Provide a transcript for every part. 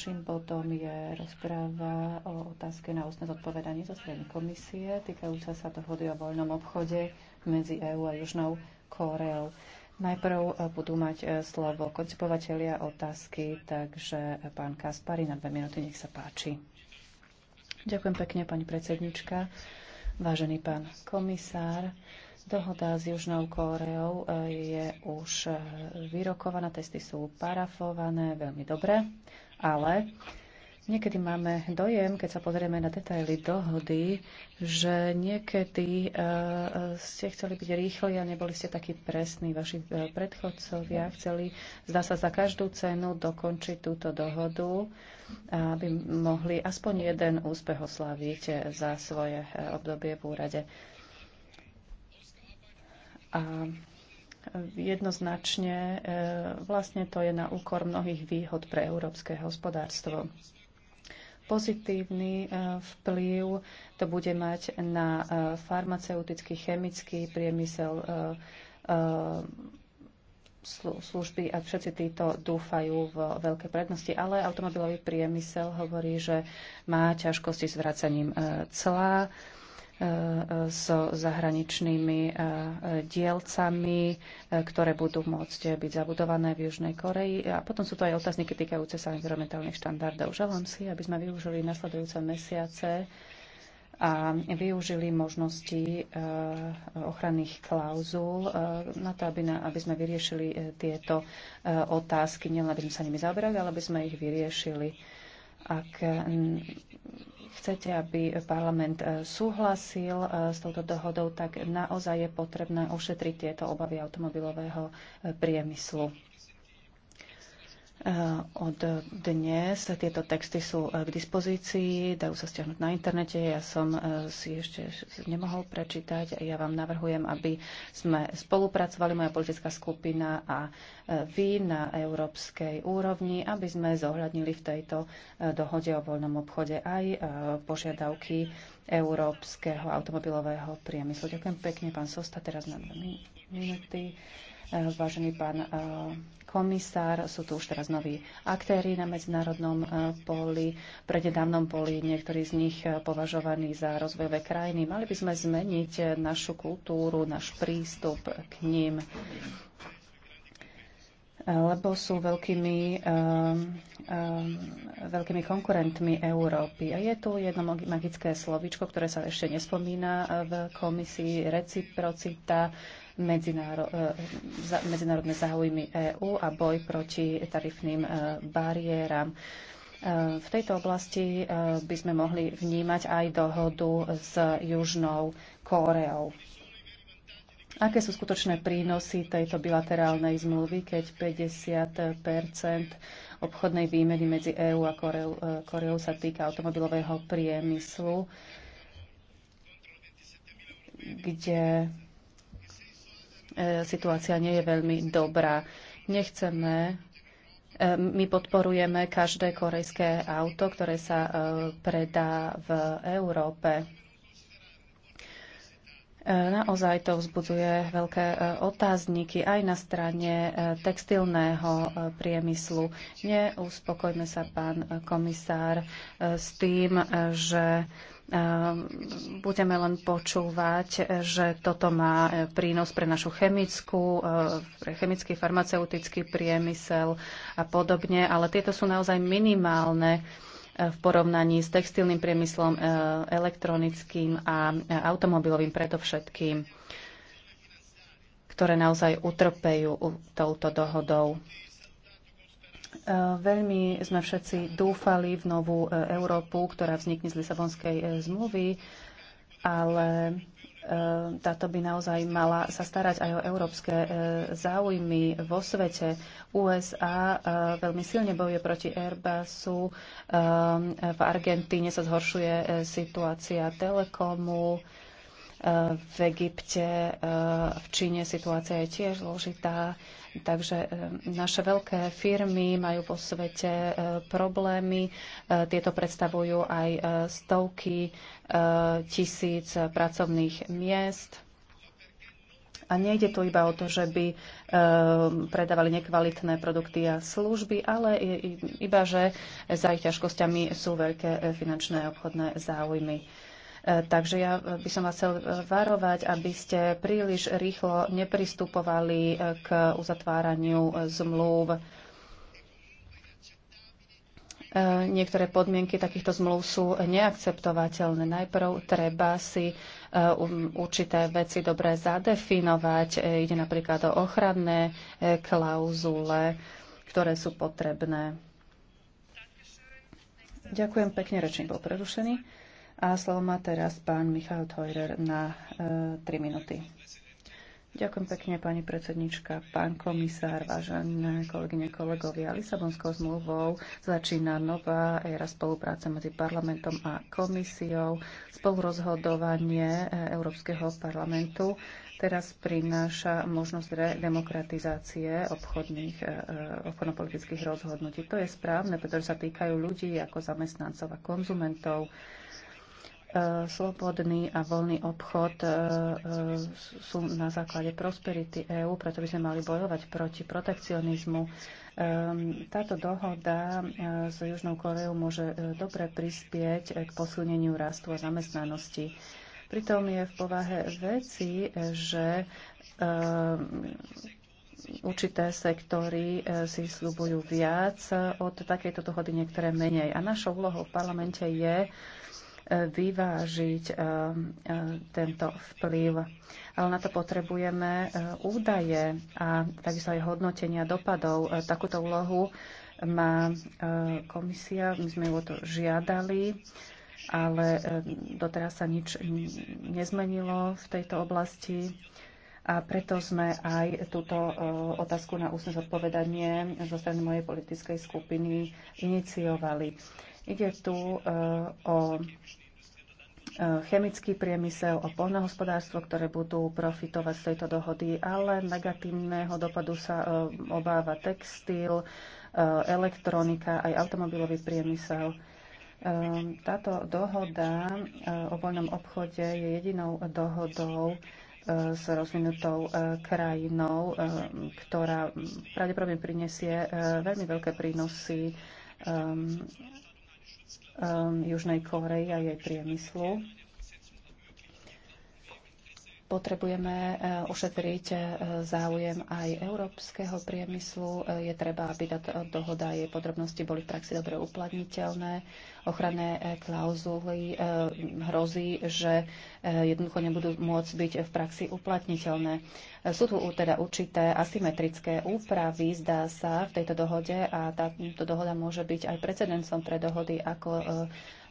Ďalším bodom je rozpráva o otázke na ústne zodpovedanie zo strany komisie týkajúca sa dohody o voľnom obchode medzi EÚ a Južnou Kóreou. Najprv eh, budú mať eh, slovo koncipovateľia otázky, takže pán Kaspari na dve minúty, nech sa páči. Ďakujem pekne, pani predsednička. Vážený pán komisár, Dohoda s Južnou Kóreou eh, je už vyrokovaná, testy sú parafované veľmi dobre ale Niekedy máme dojem, keď sa pozrieme na detaily dohody, že niekedy uh, ste chceli byť rýchli a neboli ste takí presní. Vaši uh, predchodcovia chceli, zdá sa, za každú cenu dokončiť túto dohodu, aby mohli aspoň jeden úspech oslaviť za svoje uh, obdobie v úrade. A jednoznačne e, vlastne to je na úkor mnohých výhod pre európske hospodárstvo. Pozitívny e, vplyv to bude mať na e, farmaceutický, chemický priemysel, služby a všetci títo dúfajú v veľké prednosti, ale automobilový priemysel hovorí, že má ťažkosti s vracaním cla so zahraničnými e, dielcami, e, ktoré budú môcť byť zabudované v Južnej Koreji. A potom sú to aj otázniky týkajúce sa environmentálnych štandardov. Želám si, aby sme využili nasledujúce mesiace a využili možnosti e, ochranných klauzul na to, aby, na, aby sme vyriešili tieto otázky. Nielen aby sme sa nimi zaoberali, ale aby sme ich vyriešili. Ak chcete, aby parlament e, súhlasil e, s touto dohodou, tak naozaj je potrebné ošetriť tieto obavy automobilového e, priemyslu. Eh, od dnes tieto texty sú eh, k dispozícii, dajú sa stiahnuť na internete. Ja som eh, si ešte nemohol prečítať. Ja vám navrhujem, aby sme spolupracovali, moja politická skupina a vy na európskej úrovni, aby sme zohľadnili v tejto dohode o voľnom obchode aj požiadavky európskeho automobilového priemyslu. Ďakujem pekne, pán Sosta, teraz na dve minúty. Vážený pán komisár, sú tu už teraz noví aktéry na medzinárodnom e, poli, prednedávnom poli, niektorí z nich e, považovaní za rozvojové krajiny. Mali by sme zmeniť e, našu kultúru, náš prístup k ním lebo sú veľkými, um, um, veľkými konkurentmi Európy. A je tu jedno magické slovičko, ktoré sa ešte nespomína v komisii, reciprocita. E, medzinárodné záujmy EÚ a boj proti tarifným e, bariéram. E, v tejto oblasti by sme mohli vnímať aj dohodu s Južnou Kóreou. Aké sú skutočné prínosy tejto bilaterálnej zmluvy, keď 50 obchodnej výmeny medzi EÚ a Koreou, sa týka automobilového priemyslu, kde E, situácia nie je veľmi dobrá. Nechceme e, my podporujeme každé korejské auto, ktoré sa e, predá v Európe. Naozaj to vzbudzuje veľké otázniky aj na strane textilného priemyslu. Neuspokojme sa, pán komisár, s tým, že Ehm, budeme len počúvať, že toto má e, prínos pre našu chemickú, e, pre chemický, farmaceutický priemysel a podobne, ale tieto sú naozaj minimálne e, v porovnaní s textilným priemyslom, elektronickým a automobilovým predovšetkým, ktoré naozaj utrpejú touto dohodou. E, veľmi sme všetci dúfali v novú e, Európu, ktorá vznikne z Lisabonskej e, zmluvy, ale táto by naozaj mala sa starať aj o európske záujmy vo svete. USA veľmi silne bojuje proti Airbusu, v Argentíne sa zhoršuje situácia telekomu, v Egypte, e, v Číne situácia je tiež zložitá, takže e, naše veľké firmy majú po svete e, problémy. Tieto predstavujú aj stovky tisíc pracovných miest. A nejde tu iba o to, že by predávali nekvalitné produkty a služby, ale iba, že za ich ťažkosťami sú veľké finančné a obchodné záujmy. E, takže ja e, by som vás chcel e, varovať, aby ste príliš rýchlo nepristupovali k uzatváraniu zmluv. Niektoré podmienky takýchto zmluv sú neakceptovateľné. Najprv treba si um, určité veci dobre zadefinovať. Ide napríklad o ochranné klauzule, ktoré sú potrebné. Ďakujem pekne, rečník bol prerušený. A slovo má teraz pán Michal Teurer na e, 3 minúty. Ďakujem pekne, pani predsednička, pán komisár, vážené kolegyne, kolegovia. Lisabonskou zmluvou začína nová éra spolupráce medzi parlamentom a komisiou. Spolurozhodovanie e, Európskeho parlamentu teraz prináša možnosť demokratizácie obchodných, e, e, obchodnopolitických rozhodnutí. To je správne, pretože sa týkajú ľudí ako zamestnancov a konzumentov slobodný a voľný obchod e, e, sú na základe prosperity EÚ, preto by sme mali bojovať proti protekcionizmu. E, táto dohoda s Južnou Koreou môže dobre prispieť k posilneniu rastu a zamestnanosti. Pritom je v povahe veci, že určité sektory si slúbujú viac od takejto dohody, niektoré menej. A našou úlohou v parlamente je vyvážiť eh, eh, tento vplyv. Ale na to potrebujeme eh, údaje a takisto aj hodnotenia dopadov. Takúto úlohu má komisia, my sme ju o to žiadali, ale doteraz sa nič nezmenilo v tejto oblasti. A preto sme aj túto otázku na ústne zodpovedanie zo strany mojej politickej skupiny iniciovali. Ide tu e, o e, chemický priemysel, o poľnohospodárstvo, ktoré budú profitovať z tejto dohody, ale negatívneho dopadu sa e, obáva textil, elektronika, aj automobilový priemysel. Táto dohoda o voľnom obchode je jedinou dohodou s rozvinutou krajinou, ktorá pravdepodobne prinesie veľmi veľké prínosy um, Južnej Koreji a jej priemyslu potrebujeme e, ošetriť e, záujem aj európskeho priemyslu. E, je treba, aby táto dohoda a jej podrobnosti boli v praxi dobre uplatniteľné. Ochranné klauzuly hrozí, že jednoducho nebudú môcť byť v praxi uplatniteľné. Sú tu teda určité asymetrické úpravy, zdá sa, v tejto dohode a táto dohoda môže byť aj precedencom pre dohody ako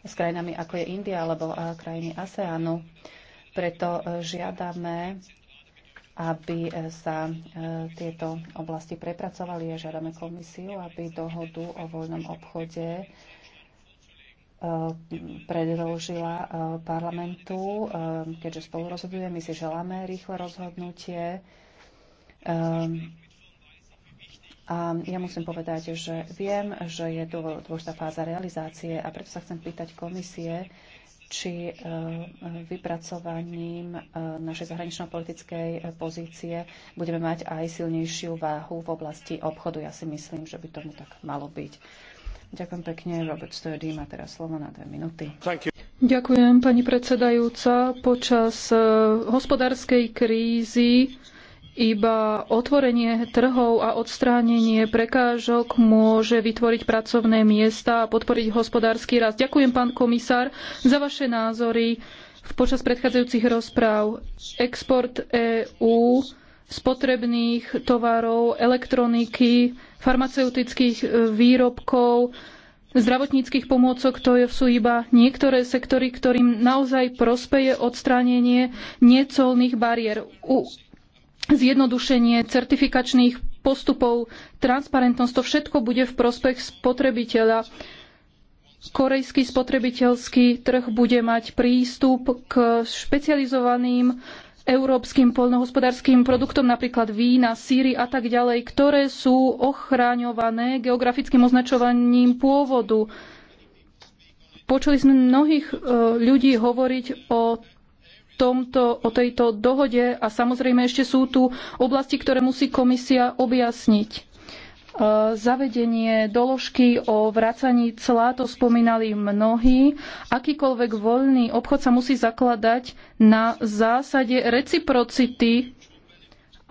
s krajinami ako je India alebo krajiny ASEANu. Preto e, žiadame, aby e, sa e, tieto oblasti prepracovali a žiadame komisiu, aby dohodu o voľnom obchode predložila parlamentu, keďže spolu rozhoduje, my si želáme rýchle rozhodnutie. A ja musím povedať, že viem, že je dôležitá fáza realizácie a preto sa chcem pýtať komisie, či e, vypracovaním e, našej zahranično-politickej pozície budeme mať aj silnejšiu váhu v oblasti obchodu. Ja si myslím, že by tomu tak malo byť. Ďakujem pekne. Robert Sturdy má teraz slovo na dve minúty. Ďakujem, pani predsedajúca. Počas e, hospodárskej krízy iba otvorenie trhov a odstránenie prekážok môže vytvoriť pracovné miesta a podporiť hospodársky rast. Ďakujem, pán komisár, za vaše názory počas predchádzajúcich rozpráv. Export EÚ spotrebných tovarov, elektroniky, farmaceutických e, výrobkov, zdravotníckých pomôcok, to sú iba niektoré sektory, ktorým naozaj prospeje odstránenie necolných bariér. U zjednodušenie certifikačných postupov, transparentnosť, to všetko bude v prospech spotrebiteľa. Korejský spotrebiteľský trh bude mať prístup k špecializovaným európskym poľnohospodárskym produktom, napríklad vína, síry a tak ďalej, ktoré sú ochráňované geografickým označovaním pôvodu. Počuli sme mnohých e, ľudí hovoriť o tomto, o tejto dohode a samozrejme ešte sú tu oblasti, ktoré musí komisia objasniť. E, zavedenie doložky o vracaní clá to spomínali mnohí. Akýkoľvek voľný obchod sa musí zakladať na zásade reciprocity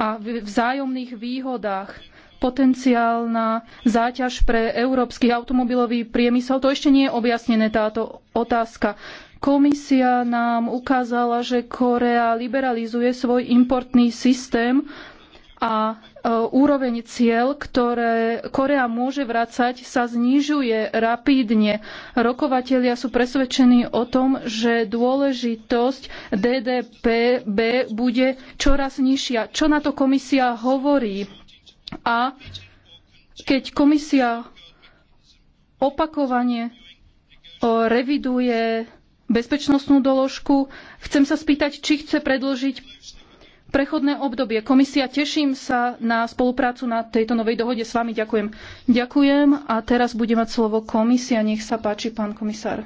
a vzájomných výhodách potenciálna záťaž pre európsky automobilový priemysel. To ešte nie je objasnené táto otázka. Komisia nám ukázala, že Korea liberalizuje svoj importný systém a e, úroveň cieľ, ktoré Korea môže vracať, sa znižuje rapídne. Rokovatelia sú presvedčení o tom, že dôležitosť DDPB bude čoraz nižšia. Čo na to komisia hovorí? A keď komisia opakovane e, reviduje bezpečnostnú doložku. Chcem sa spýtať, či chce predložiť prechodné obdobie. Komisia, teším sa na spoluprácu na tejto novej dohode s vami. Ďakujem. Ďakujem a teraz bude mať slovo komisia. Nech sa páči, pán komisár.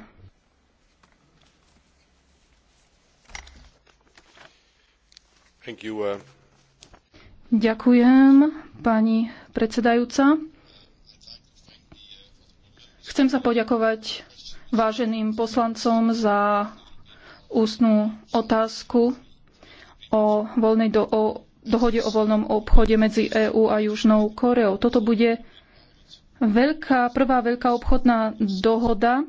You, uh... Ďakujem, pani predsedajúca. Chcem sa poďakovať váženým poslancom za ústnú otázku o, voľnej do, o dohode o voľnom obchode medzi EÚ a Južnou Koreou. Toto bude veľká, prvá veľká obchodná dohoda,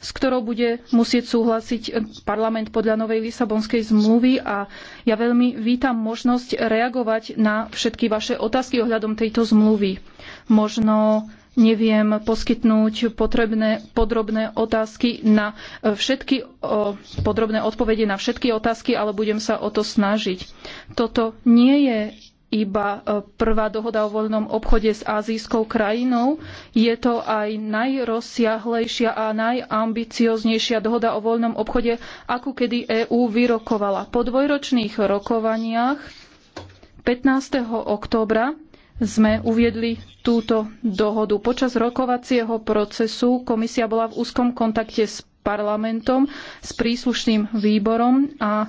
s ktorou bude musieť súhlasiť parlament podľa novej Lisabonskej zmluvy a ja veľmi vítam možnosť reagovať na všetky vaše otázky ohľadom tejto zmluvy. Možno neviem poskytnúť potrebné, podrobné otázky na e, všetky podrobné odpovede na všetky otázky, ale budem sa o to snažiť. Toto nie je iba e, prvá dohoda o voľnom obchode s azijskou krajinou. Je to aj najrozsiahlejšia a najambicioznejšia dohoda o voľnom obchode, akú kedy EÚ vyrokovala. Po dvojročných rokovaniach 15. októbra sme uviedli túto dohodu. Počas rokovacieho procesu komisia bola v úzkom kontakte s parlamentom, s príslušným výborom a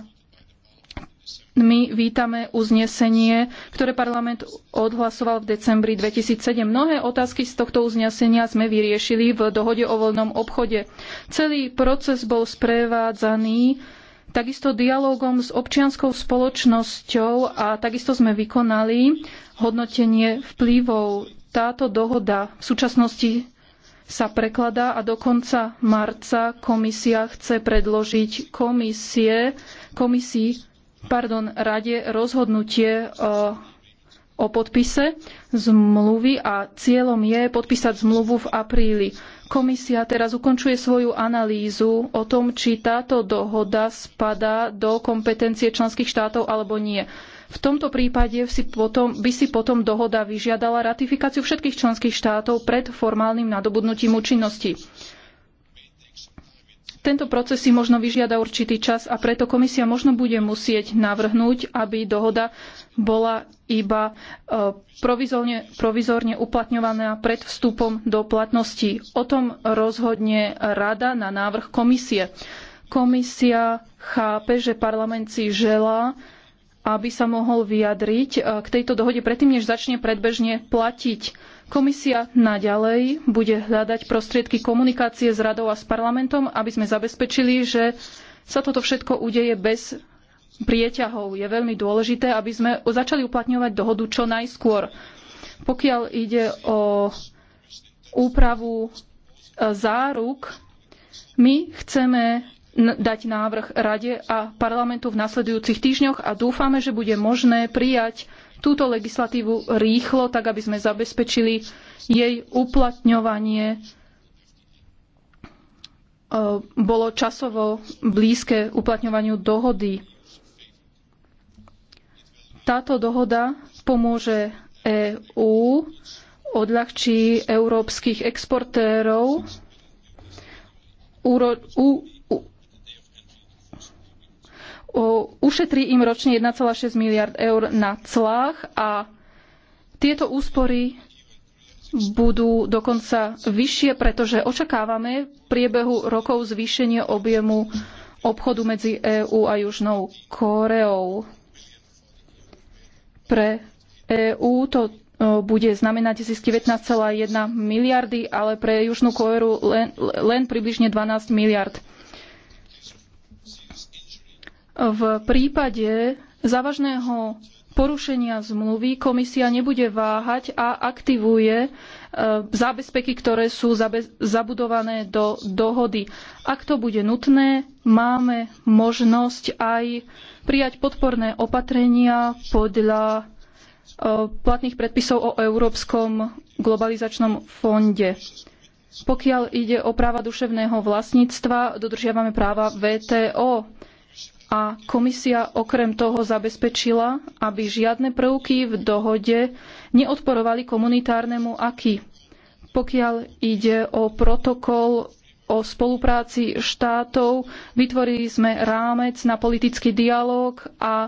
my vítame uznesenie, ktoré parlament odhlasoval v decembri 2007. Mnohé otázky z tohto uznesenia sme vyriešili v dohode o voľnom obchode. Celý proces bol sprevádzaný takisto dialogom s občianskou spoločnosťou a takisto sme vykonali hodnotenie vplyvov. Táto dohoda v súčasnosti sa prekladá a do konca marca komisia chce predložiť komisie, komisii pardon, rade rozhodnutie o o podpise zmluvy a cieľom je podpísať zmluvu v apríli. Komisia teraz ukončuje svoju analýzu o tom, či táto dohoda spadá do kompetencie členských štátov alebo nie. V tomto prípade si potom, by si potom dohoda vyžiadala ratifikáciu všetkých členských štátov pred formálnym nadobudnutím účinnosti. Tento proces si možno vyžiada určitý čas a preto komisia možno bude musieť navrhnúť, aby dohoda bola iba e, provizorne, provizorne uplatňovaná pred vstupom do platnosti. O tom rozhodne rada na návrh komisie. Komisia chápe, že parlament si želá, aby sa mohol vyjadriť e, k tejto dohode predtým, než začne predbežne platiť Komisia naďalej bude hľadať prostriedky komunikácie s radou a s parlamentom, aby sme zabezpečili, že sa toto všetko udeje bez prieťahov. Je veľmi dôležité, aby sme začali uplatňovať dohodu čo najskôr. Pokiaľ ide o úpravu e, záruk, my chceme dať návrh Rade a parlamentu v nasledujúcich týždňoch a dúfame, že bude možné prijať túto legislatívu rýchlo, tak aby sme zabezpečili jej uplatňovanie e, bolo časovo blízke uplatňovaniu dohody. Táto dohoda pomôže EÚ, odľahčí európskych exportérov, ušetrí im ročne 1,6 miliard eur na clách a tieto úspory budú dokonca vyššie, pretože očakávame v priebehu rokov zvýšenie objemu obchodu medzi EÚ a Južnou Kóreou. Pre EÚ to e, bude znamenať zisk 19,1 miliardy, ale pre Južnú Kóru len, len približne 12 miliard. V prípade závažného porušenia zmluvy komisia nebude váhať a aktivuje e, zábezpeky, ktoré sú zabudované do dohody. Ak to bude nutné, máme možnosť aj prijať podporné opatrenia podľa e, platných predpisov o Európskom globalizačnom fonde. Pokiaľ ide o práva duševného vlastníctva, dodržiavame práva VTO a komisia okrem toho zabezpečila, aby žiadne prvky v dohode neodporovali komunitárnemu aky. Pokiaľ ide o protokol o spolupráci štátov, vytvorili sme rámec na politický dialóg a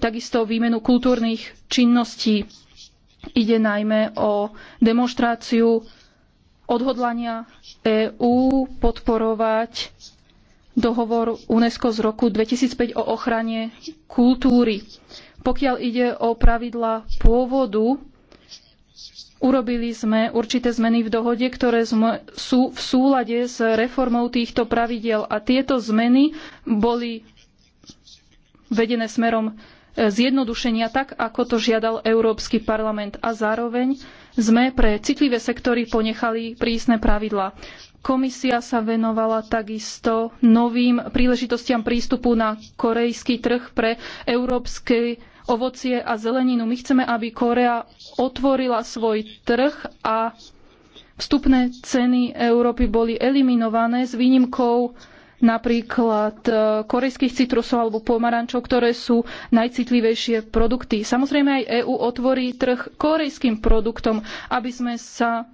takisto výmenu kultúrnych činností. Ide najmä o demonštráciu odhodlania EÚ podporovať dohovor UNESCO z roku 2005 o ochrane kultúry. Pokiaľ ide o pravidla pôvodu, urobili sme určité zmeny v dohode, ktoré sú v súlade s reformou týchto pravidiel a tieto zmeny boli vedené smerom e, zjednodušenia tak, ako to žiadal Európsky parlament a zároveň sme pre citlivé sektory ponechali prísne pravidlá. Komisia sa venovala takisto novým príležitostiam prístupu na korejský trh pre európske ovocie a zeleninu. My chceme, aby Korea otvorila svoj trh a vstupné ceny Európy boli eliminované s výnimkou napríklad e, korejských citrusov alebo pomarančov, ktoré sú najcitlivejšie produkty. Samozrejme aj EÚ otvorí trh korejským produktom, aby sme sa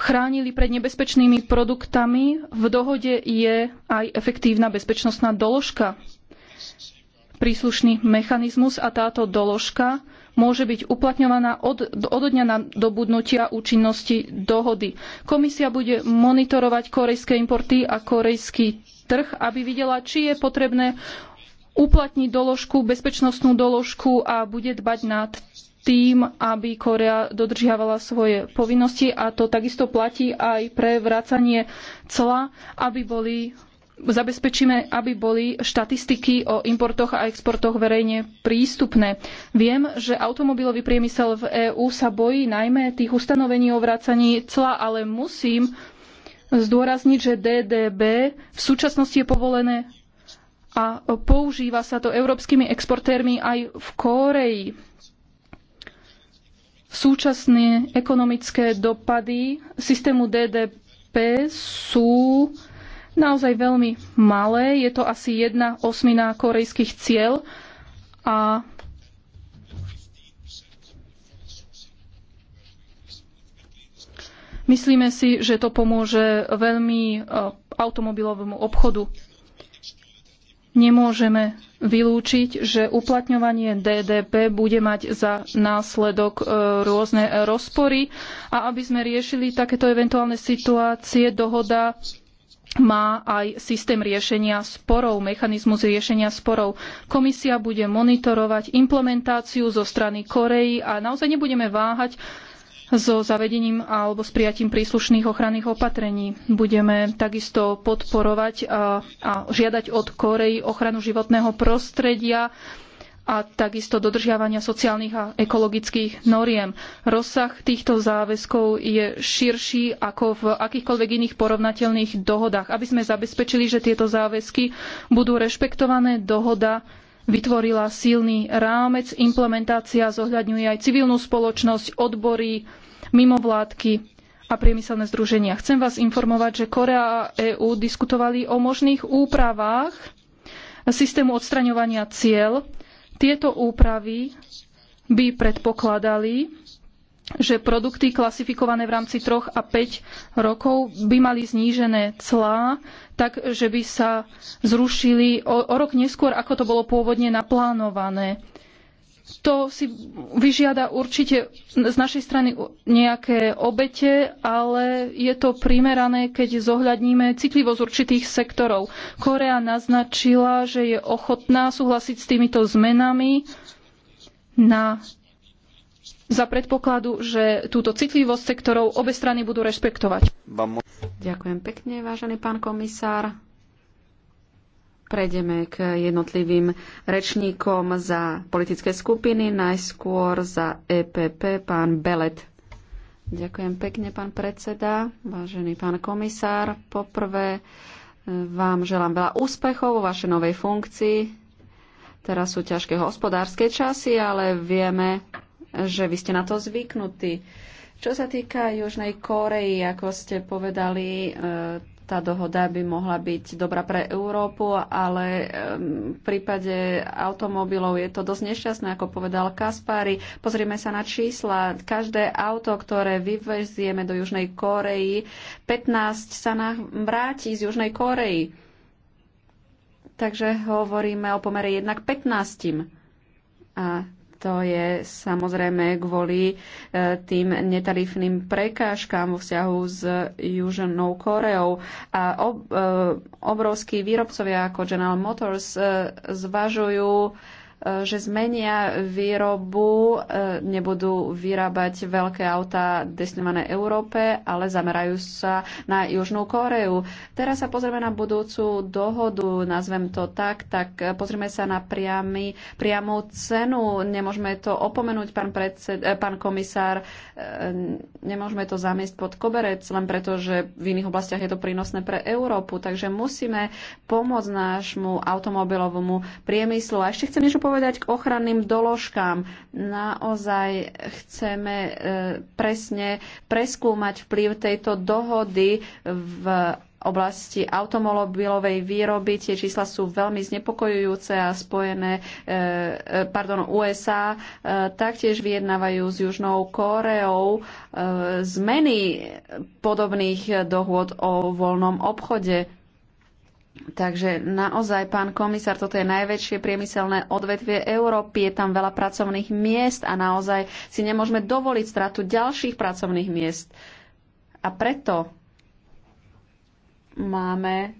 chránili pred nebezpečnými produktami. V dohode je aj efektívna bezpečnostná doložka, príslušný mechanizmus a táto doložka môže byť uplatňovaná od, od dňa na dobudnutia účinnosti dohody. Komisia bude monitorovať korejské importy a korejský trh, aby videla, či je potrebné uplatniť doložku, bezpečnostnú doložku a bude dbať nad tým, aby Korea dodržiavala svoje povinnosti a to takisto platí aj pre vracanie cla, aby boli zabezpečíme, aby boli štatistiky o importoch a exportoch verejne prístupné. Viem, že automobilový priemysel v EÚ sa bojí najmä tých ustanovení o vracaní cla, ale musím zdôrazniť, že DDB v súčasnosti je povolené a používa sa to európskymi exportérmi aj v Kóreji Súčasné ekonomické dopady systému DDP sú naozaj veľmi malé. Je to asi jedna osmina korejských cieľ a myslíme si, že to pomôže veľmi eh, automobilovému obchodu nemôžeme vylúčiť, že uplatňovanie DDP bude mať za následok e, rôzne rozpory a aby sme riešili takéto eventuálne situácie, dohoda má aj systém riešenia sporov, mechanizmus riešenia sporov. Komisia bude monitorovať implementáciu zo strany Korei a naozaj nebudeme váhať so zavedením alebo s prijatím príslušných ochranných opatrení. Budeme takisto podporovať a, a žiadať od Korei ochranu životného prostredia a takisto dodržiavania sociálnych a ekologických noriem. Rozsah týchto záväzkov je širší ako v akýchkoľvek iných porovnateľných dohodách. Aby sme zabezpečili, že tieto záväzky budú rešpektované, dohoda vytvorila silný rámec, implementácia zohľadňuje aj civilnú spoločnosť, odbory, mimovládky a priemyselné združenia. Chcem vás informovať, že Korea a EÚ diskutovali o možných úpravách systému odstraňovania cieľ. Tieto úpravy by predpokladali, že produkty klasifikované v rámci 3 a 5 rokov by mali znížené clá, tak že by sa zrušili o, o rok neskôr, ako to bolo pôvodne naplánované to si vyžiada určite z našej strany nejaké obete, ale je to primerané, keď zohľadníme citlivosť určitých sektorov. Korea naznačila, že je ochotná súhlasiť s týmito zmenami na, za predpokladu, že túto citlivosť sektorov obe strany budú rešpektovať. Ďakujem pekne, vážený pán komisár. Prejdeme k jednotlivým rečníkom za politické skupiny, najskôr za EPP, pán Belet. Ďakujem pekne, pán predseda, vážený pán komisár. Poprvé e, vám želám veľa úspechov vo vašej novej funkcii. Teraz sú ťažké hospodárske časy, ale vieme, že vy ste na to zvyknutí. Čo sa týka Južnej Koreji, ako ste povedali, e, tá dohoda by mohla byť dobrá pre Európu, ale v prípade automobilov je to dosť nešťastné, ako povedal Kaspari. Pozrieme sa na čísla. Každé auto, ktoré vyvezieme do Južnej Koreji, 15 sa nám vráti z Južnej Koreji. Takže hovoríme o pomere 1 k 15. A to je samozrejme kvôli e, tým netarifným prekážkám vo vzťahu s Južnou Koreou. A e, obrovskí výrobcovia ako General Motors e, zvažujú E, že zmenia výrobu, e, nebudú vyrábať veľké autá destinované Európe, ale zamerajú sa na Južnú Koreu. Teraz sa pozrieme na budúcu dohodu, nazvem to tak, tak e, pozrieme sa na priamy, priamú cenu. Nemôžeme to opomenúť, pán, predsed, pán komisár, nemôžeme to zamiesť pod koberec, len preto, že v iných oblastiach je to prínosné pre Európu. Takže musíme pomôcť nášmu automobilovému priemyslu. A ešte chcem niečo povedať povedať k ochranným doložkám. Naozaj chceme e, presne preskúmať vplyv tejto dohody v oblasti automobilovej výroby. Tie čísla sú veľmi znepokojujúce a spojené, e, e, pardon, USA taktiež vyjednávajú s Južnou Kóreou zmeny podobných dohôd o voľnom obchode. Takže naozaj, pán komisár, toto je najväčšie priemyselné odvetvie Európy, je tam veľa pracovných miest a naozaj si nemôžeme dovoliť stratu ďalších pracovných miest. A preto máme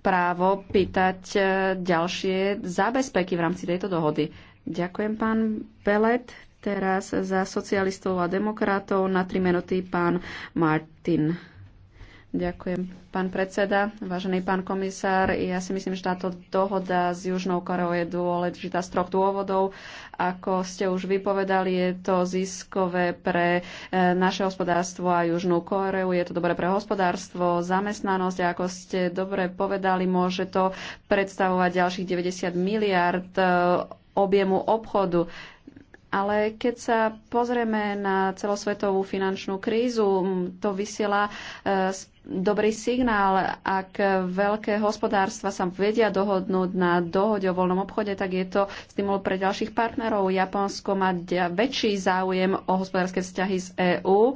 právo pýtať e, ďalšie zábezpeky v rámci tejto dohody. Ďakujem, pán Belet. Teraz za socialistov a demokratov na tri minuty pán Martin. Ďakujem, pán predseda. Vážený pán komisár, ja si myslím, že táto dohoda s Južnou Koreou je dôležitá z troch dôvodov. Ako ste už vypovedali, je to ziskové pre e, naše hospodárstvo a Južnú Koreu. Je to dobré pre hospodárstvo, zamestnanosť a ako ste dobre povedali, môže to predstavovať ďalších 90 miliard e, objemu obchodu. Ale keď sa pozrieme na celosvetovú finančnú krízu, to vysiela e, dobrý signál. Ak veľké hospodárstva sa vedia dohodnúť na dohode o voľnom obchode, tak je to stimul pre ďalších partnerov. Japonsko má väčší záujem o hospodárske vzťahy z EÚ e,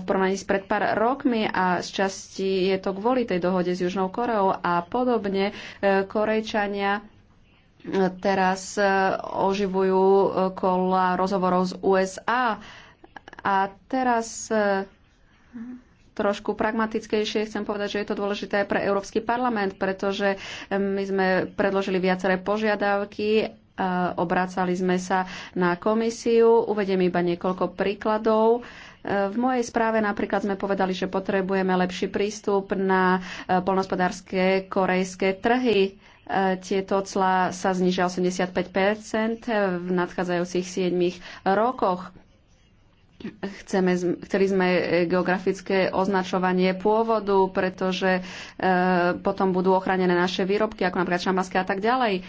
v porovnaní s pred pár rokmi a z časti je to kvôli tej dohode s Južnou Koreou a podobne. E, Korejčania Teraz e, oživujú e, kola rozhovorov z USA. A teraz e, trošku pragmatickejšie chcem povedať, že je to dôležité aj pre Európsky parlament, pretože my sme predložili viaceré požiadavky obracali sme sa na komisiu. Uvediem iba niekoľko príkladov. V mojej správe napríklad sme povedali, že potrebujeme lepší prístup na polnospodárske korejské trhy. E, tieto clá sa znižia 85 v nadchádzajúcich 7 rokoch. Chceme, chceli sme geografické označovanie pôvodu, pretože e, potom budú ochránené naše výrobky, ako napríklad šamaské a tak ďalej.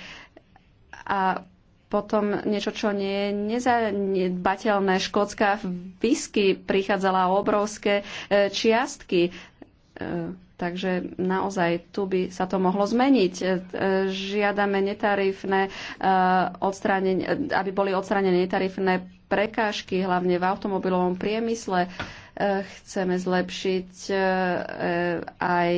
A potom niečo, čo nie je nezanedbateľné. Škótska whisky prichádzala obrovské e, čiastky. Takže naozaj tu by sa to mohlo zmeniť. E, žiadame netarifné e, odstránenie, aby boli odstránené netarifné prekážky, hlavne v automobilovom priemysle. E, chceme zlepšiť aj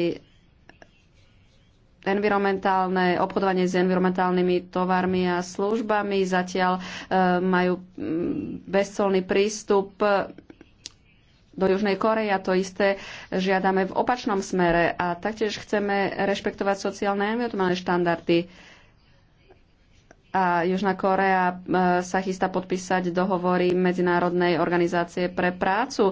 environmentálne, obchodovanie s environmentálnymi tovarmi a službami. Zatiaľ majú bezcolný prístup do Južnej Korei a to isté žiadame v opačnom smere a taktiež chceme rešpektovať sociálne a environmentálne štandardy. A Južná Korea e, sa chystá podpísať dohovory Medzinárodnej organizácie pre prácu.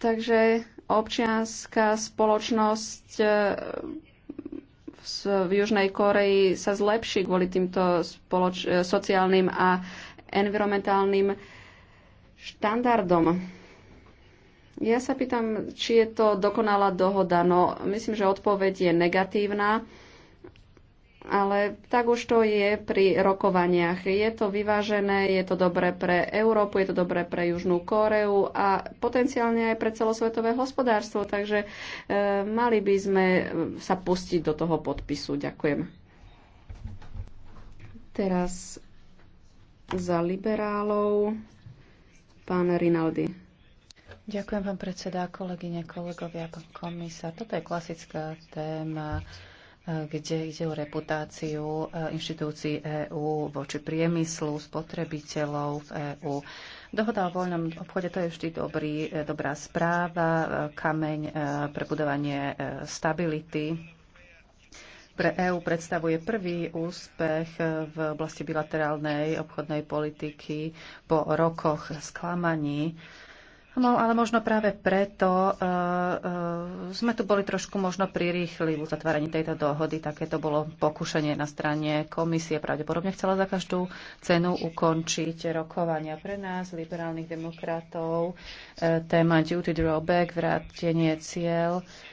Takže občianská spoločnosť e, v Južnej Koreji sa zlepší kvôli týmto spoloč- e, sociálnym a environmentálnym uh, štandardom. Ja sa pýtam, či je to dokonalá dohoda. No, myslím, že odpoveď je negatívna, ale tak už to je pri rokovaniach. Je to vyvážené, je to dobré pre Európu, je to dobré pre Južnú Kóreu a potenciálne aj pre celosvetové hospodárstvo. Takže e, mali by sme sa pustiť do toho podpisu. Ďakujem. Teraz za liberálov Pán Rinaldi. Ďakujem, pán predseda, kolegyne, kolegovia, pán komisár. Toto je klasická téma eh, kde ide o reputáciu eh, inštitúcií EÚ voči priemyslu, spotrebiteľov v EÚ. Dohoda o voľnom obchode to je vždy dobrý, eh, dobrá správa, kameň pre budovanie stability pre EÚ predstavuje prvý úspech v oblasti bilaterálnej obchodnej politiky po rokoch sklamaní. No, ale možno práve preto uh, uh, sme tu boli trošku možno prirýchli v uzatváraní tejto dohody. Také to bolo pokušenie na strane komisie. Pravdepodobne chcela za každú cenu ukončiť rokovania pre nás, liberálnych demokratov, uh, téma duty drawback, vrátenie cieľ. Uh,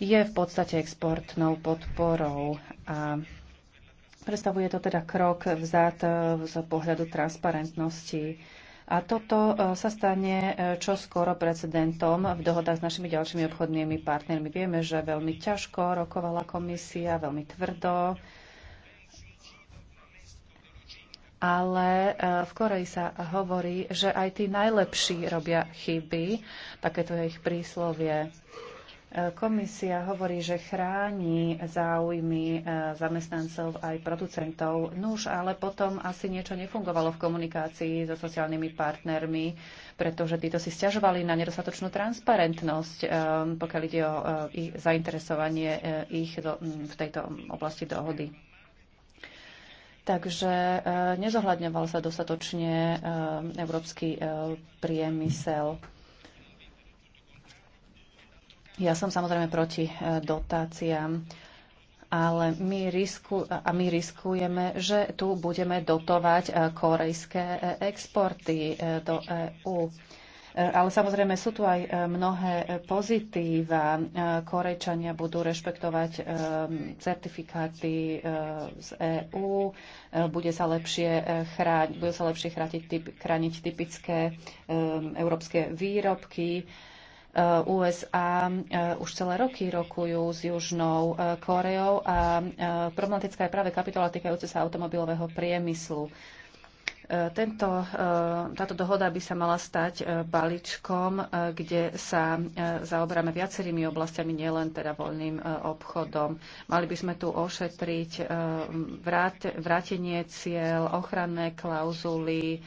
je v podstate exportnou podporou a predstavuje to teda krok vzad e, z pohľadu transparentnosti. A toto e, sa stane e, čo skoro precedentom v dohodách s našimi ďalšími obchodnými partnermi. Vieme, že veľmi ťažko rokovala komisia, veľmi tvrdo, ale v Koreji sa hovorí, že aj tí najlepší robia chyby, takéto je ich príslovie. Komisia hovorí, že chráni záujmy e, zamestnancov aj producentov. Nuž, ale potom asi niečo nefungovalo v komunikácii so sociálnymi partnermi, pretože títo si stiažovali na nedostatočnú transparentnosť, e, pokiaľ ide o e, ich zainteresovanie ich v tejto oblasti dohody. Takže nezohľadňoval sa dostatočne európsky priemysel. Ja som samozrejme proti e, dotáciám, ale my risku, a my riskujeme, že tu budeme dotovať e, korejské e, exporty do EÚ. Ale samozrejme sú tu aj mnohé pozitíva. Korejčania budú rešpektovať certifikáty z EÚ, bude sa lepšie chrániť, budú sa lepšie chrániť, chrániť typické európske výrobky Eh, USA eh, už celé roky rokujú s Južnou eh, Koreou a problematická je práve kapitola týkajúca sa automobilového priemyslu. Tento, táto dohoda by sa mala stať balíčkom, kde sa zaoberáme viacerými oblastiami, nielen teda voľným obchodom. Mali by sme tu ošetriť vrát, vrátenie cieľ, ochranné klauzuly,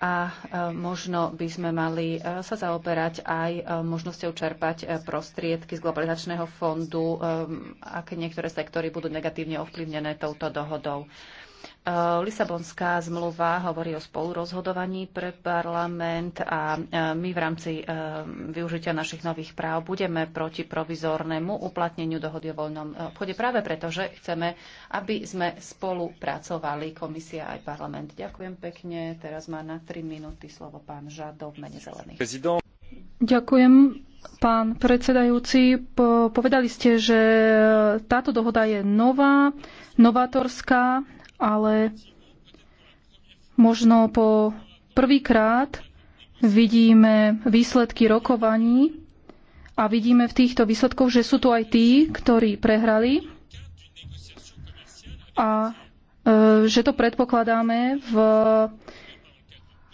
a e, možno by sme mali e, sa zaoberať aj e, možnosťou čerpať prostriedky z globalizačného fondu, aké niektoré sektory budú negatívne ovplyvnené touto dohodou. E, Lisabonská zmluva hovorí o spolurozhodovaní pre parlament a e, my v rámci e, využitia našich nových práv budeme proti provizornému uplatneniu dohody o voľnom obchode práve preto, že chceme, aby sme spolupracovali komisia aj parlament. Ďakujem pekne. Teraz má na 3 minúty slovo pán Žado v mene zelených. Ďakujem. Pán predsedajúci, povedali ste, že táto dohoda je nová, novátorská, ale možno po prvýkrát vidíme výsledky rokovaní a vidíme v týchto výsledkoch, že sú tu aj tí, ktorí prehrali a e, že to predpokladáme v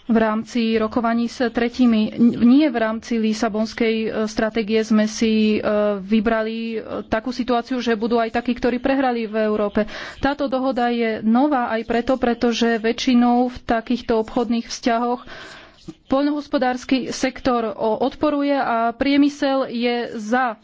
v rámci rokovaní s tretími. Nie v rámci Lisabonskej e, stratégie sme si e, vybrali e, takú situáciu, že budú aj takí, ktorí prehrali v Európe. Táto dohoda je nová aj preto, pretože väčšinou v takýchto obchodných vzťahoch poľnohospodársky sektor odporuje a priemysel je za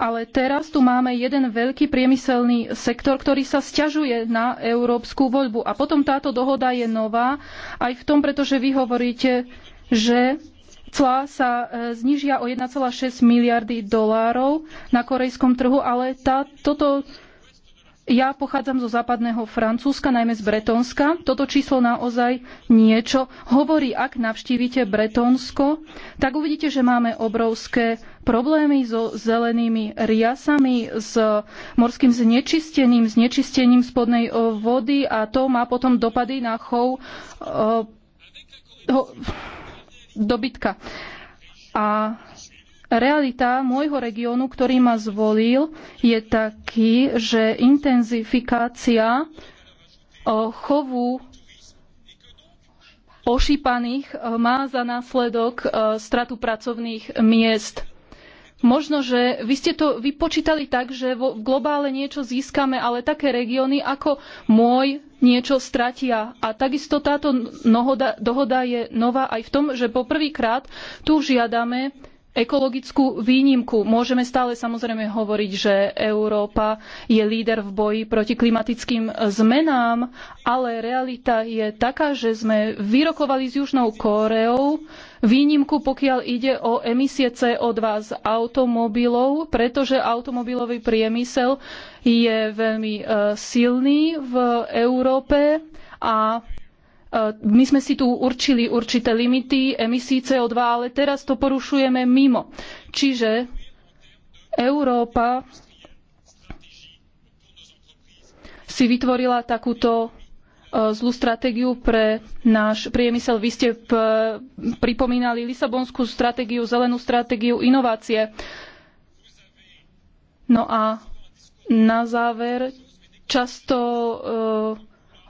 ale teraz tu máme jeden veľký priemyselný sektor, ktorý sa sťažuje na európsku voľbu. A potom táto dohoda je nová aj v tom, pretože vy hovoríte, že clá sa e, znižia o 1,6 miliardy dolárov na korejskom trhu, ale tá, toto ja pochádzam zo západného Francúzska, najmä z Bretonska. Toto číslo naozaj niečo hovorí. Ak navštívite Bretonsko, tak uvidíte, že máme obrovské problémy so zelenými riasami, s morským znečistením, znečistením spodnej e, vody a to má potom dopady na chov e, dobytka. A realita môjho regiónu, ktorý ma zvolil, je taký, že intenzifikácia e, chovu ošípaných má za následok stratu pracovných miest. Možno, že vy ste to vypočítali tak, že v globále niečo získame, ale také regióny ako môj niečo stratia. A takisto táto nohoda, dohoda je nová aj v tom, že poprvýkrát tu žiadame ekologickú výnimku. Môžeme stále samozrejme hovoriť, že Európa je líder v boji proti klimatickým zmenám, ale realita je taká, že sme vyrokovali s Južnou Kóreou výnimku, pokiaľ ide o emisie CO2 z automobilov, pretože automobilový priemysel je veľmi e, silný v Európe a e, my sme si tu určili určité limity emisí CO2, ale teraz to porušujeme mimo. Čiže Európa si vytvorila takúto E, zlú stratégiu pre náš priemysel. Vy ste pripomínali Lisabonskú stratégiu, zelenú stratégiu, inovácie. No a na záver často e,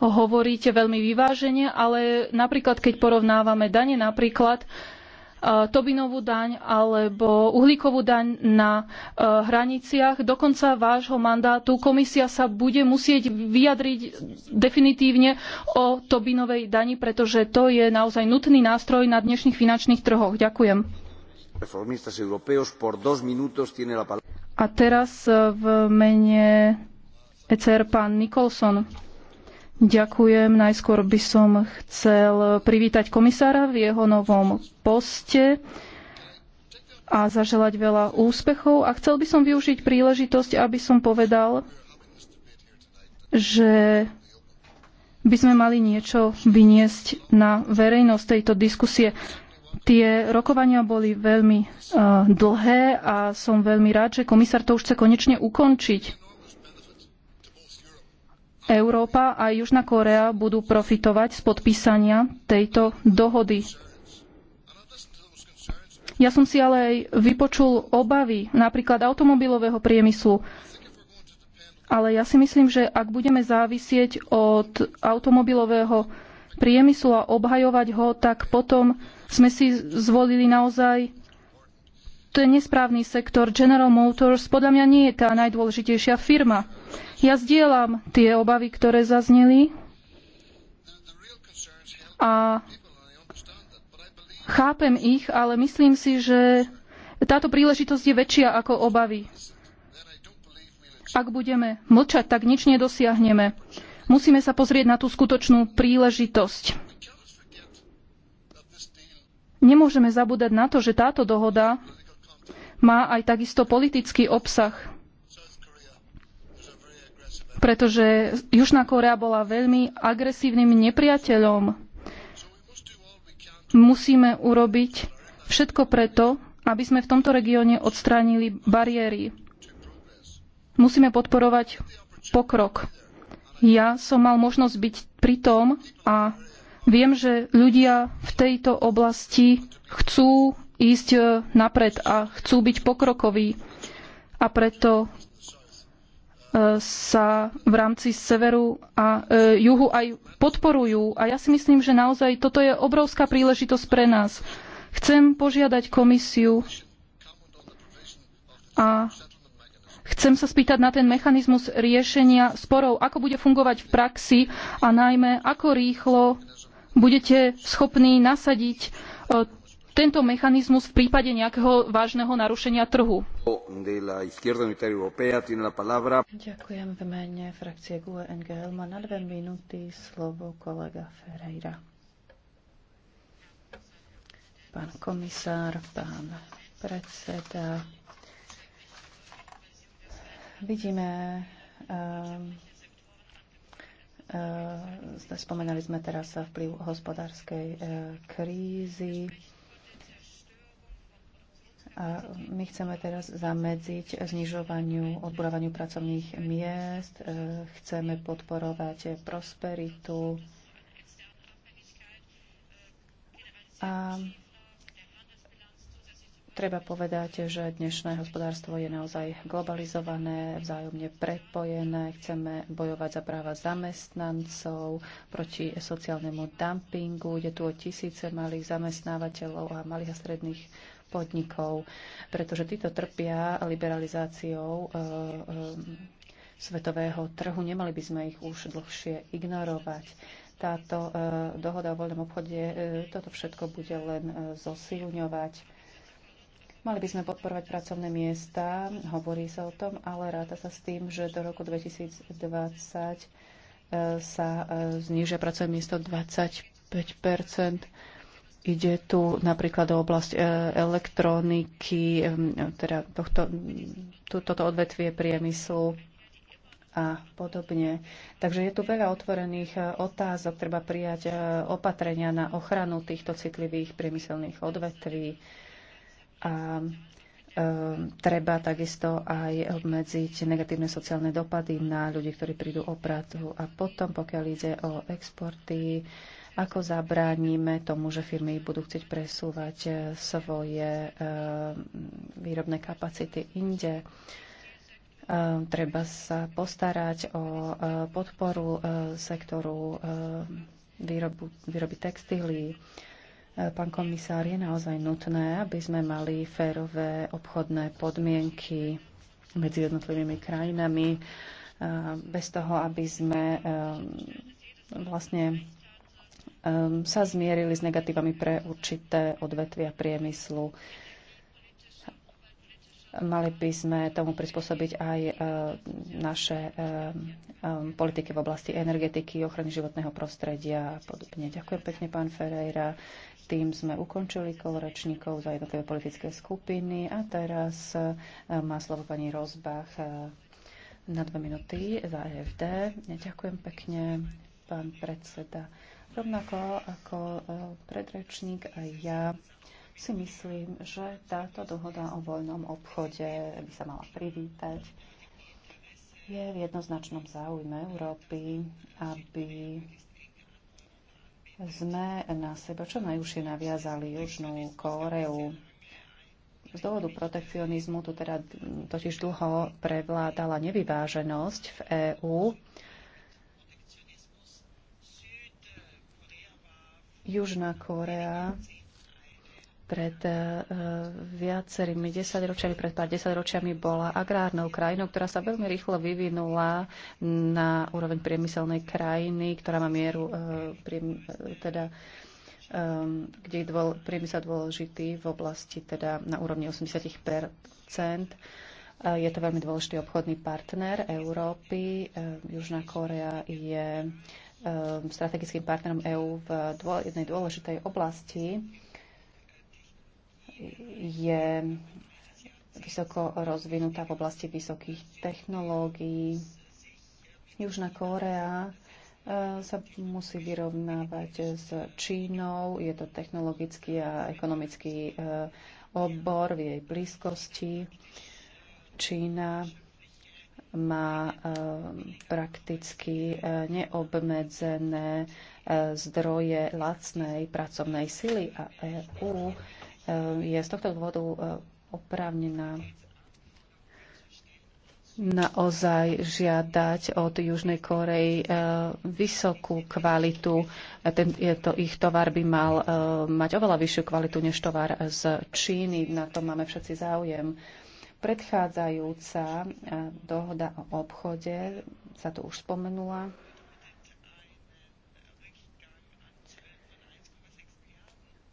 hovoríte veľmi vyvážene, ale napríklad keď porovnávame dane, napríklad Eh, Tobinovú daň alebo uhlíkovú daň na eh, hraniciach. Do konca vášho mandátu komisia sa bude musieť vyjadriť definitívne o Tobinovej dani, pretože to je naozaj nutný nástroj na dnešných finančných trhoch. Ďakujem. A teraz eh, v mene ECR pán Nicholson. Ďakujem. Najskôr by som chcel privítať komisára v jeho novom poste a zaželať veľa úspechov. A chcel by som využiť príležitosť, aby som povedal, že by sme mali niečo vyniesť na verejnosť tejto diskusie. Tie rokovania boli veľmi uh, dlhé a som veľmi rád, že komisár to už chce konečne ukončiť. Európa a Južná Kórea budú profitovať z podpísania tejto dohody. Ja som si ale aj vypočul obavy napríklad automobilového priemyslu. Ale ja si myslím, že ak budeme závisieť od automobilového priemyslu a obhajovať ho, tak potom sme si zvolili naozaj ten nesprávny sektor. General Motors podľa mňa nie je tá najdôležitejšia firma. Ja zdieľam tie obavy, ktoré zazneli a chápem ich, ale myslím si, že táto príležitosť je väčšia ako obavy. Ak budeme mlčať, tak nič nedosiahneme. Musíme sa pozrieť na tú skutočnú príležitosť. Nemôžeme zabúdať na to, že táto dohoda má aj takisto politický obsah pretože Južná Korea bola veľmi agresívnym nepriateľom. Musíme urobiť všetko preto, aby sme v tomto regióne odstránili bariéry. Musíme podporovať pokrok. Ja som mal možnosť byť pri tom a viem, že ľudia v tejto oblasti chcú ísť eh, napred a chcú byť pokrokoví. A preto sa v rámci severu a e, juhu aj podporujú. A ja si myslím, že naozaj toto je obrovská príležitosť pre nás. Chcem požiadať komisiu a chcem sa spýtať na ten mechanizmus riešenia sporov, ako bude fungovať v praxi a najmä ako rýchlo budete schopní nasadiť e, tento mechanizmus v prípade nejakého vážneho narušenia trhu. Ďakujem v mene frakcie GUE NGL. Má na dve minúty slovo kolega Ferreira. Pán komisár, pán predseda, vidíme um, spomenali sme teraz vplyv hospodárskej eh, krízy. A my chceme teraz zamedziť znižovaniu, odburávaniu pracovných miest, e, chceme podporovať prosperitu a treba povedať, že dnešné hospodárstvo je naozaj globalizované, vzájomne prepojené. Chceme bojovať za práva zamestnancov, proti sociálnemu dumpingu. Ide tu o tisíce malých zamestnávateľov a malých a stredných podnikov, pretože títo trpia liberalizáciou e, e, svetového trhu. Nemali by sme ich už dlhšie ignorovať. Táto e, dohoda o voľnom obchode toto všetko bude len zosilňovať. Mali by sme podporovať pracovné miesta, hovorí sa o tom, ale ráta sa s tým, že do roku 2020 sa znižia pracovné miesto 25 Ide tu napríklad o oblasť e, elektroniky, teda tohto, toto odvetvie priemyslu a podobne. Takže je tu veľa otvorených e, otázok. Treba prijať e, opatrenia na ochranu týchto citlivých priemyselných odvetví. A treba takisto aj obmedziť negatívne sociálne dopady na ľudí, ktorí prídu o prácu. A potom, pokiaľ ide o exporty, ako zabránime tomu, že firmy budú chcieť presúvať eh, svoje eh, výrobné kapacity inde? Eh, treba sa postarať o podporu sektoru výrobu, výroby textílií. Pán komisár, je naozaj nutné, aby sme mali férové obchodné podmienky medzi jednotlivými krajinami, bez toho, aby sme vlastne Ehm, sa zmierili s negatívami pre určité odvetvia priemyslu. Mali by sme tomu prispôsobiť aj ehm, naše ehm, politiky v oblasti energetiky, ochrany životného prostredia a podobne. Ďakujem pekne, pán Ferreira. Tým sme ukončili koloračníkov za jednotlivé politické skupiny a teraz má slovo pani Rozbach na dve minúty za EFD. Ďakujem pekne, pán predseda. Rovnako ako e, predrečník aj ja si myslím, že táto dohoda o voľnom obchode by sa mala privítať. Je v jednoznačnom záujme Európy, aby sme na seba čo najúžšie naviazali Južnú Kóreu. Z dôvodu protekcionizmu tu teda totiž dlho prevládala nevyváženosť v EÚ Južná Korea pred eh, viacerými desaťročiami, pred pár desaťročiami bola agrárnou krajinou, ktorá sa veľmi rýchlo vyvinula na úroveň priemyselnej krajiny, ktorá má mieru eh, eh, teda ehm, kde je dôl, priemysel dôležitý v oblasti teda na úrovni 80 Je to veľmi dôležitý obchodný partner Európy. Ehm, Južná Korea je Um, strategickým partnerom EÚ v jednej dôležitej oblasti je vysoko rozvinutá v oblasti vysokých technológií. Južná Kórea uh, sa musí vyrovnávať s Čínou. Je to technologický a ekonomický uh, obor v jej blízkosti. Čína má eh, prakticky eh, neobmedzené eh, zdroje lacnej pracovnej sily a EÚ je z tohto dôvodu oprávnená naozaj žiadať od Južnej Korei vysokú kvalitu. Ten, je to, ich tovar by mal mať oveľa vyššiu kvalitu než tovar z Číny. Na to máme všetci záujem. Predchádzajúca e, dohoda o obchode sa to už spomenula.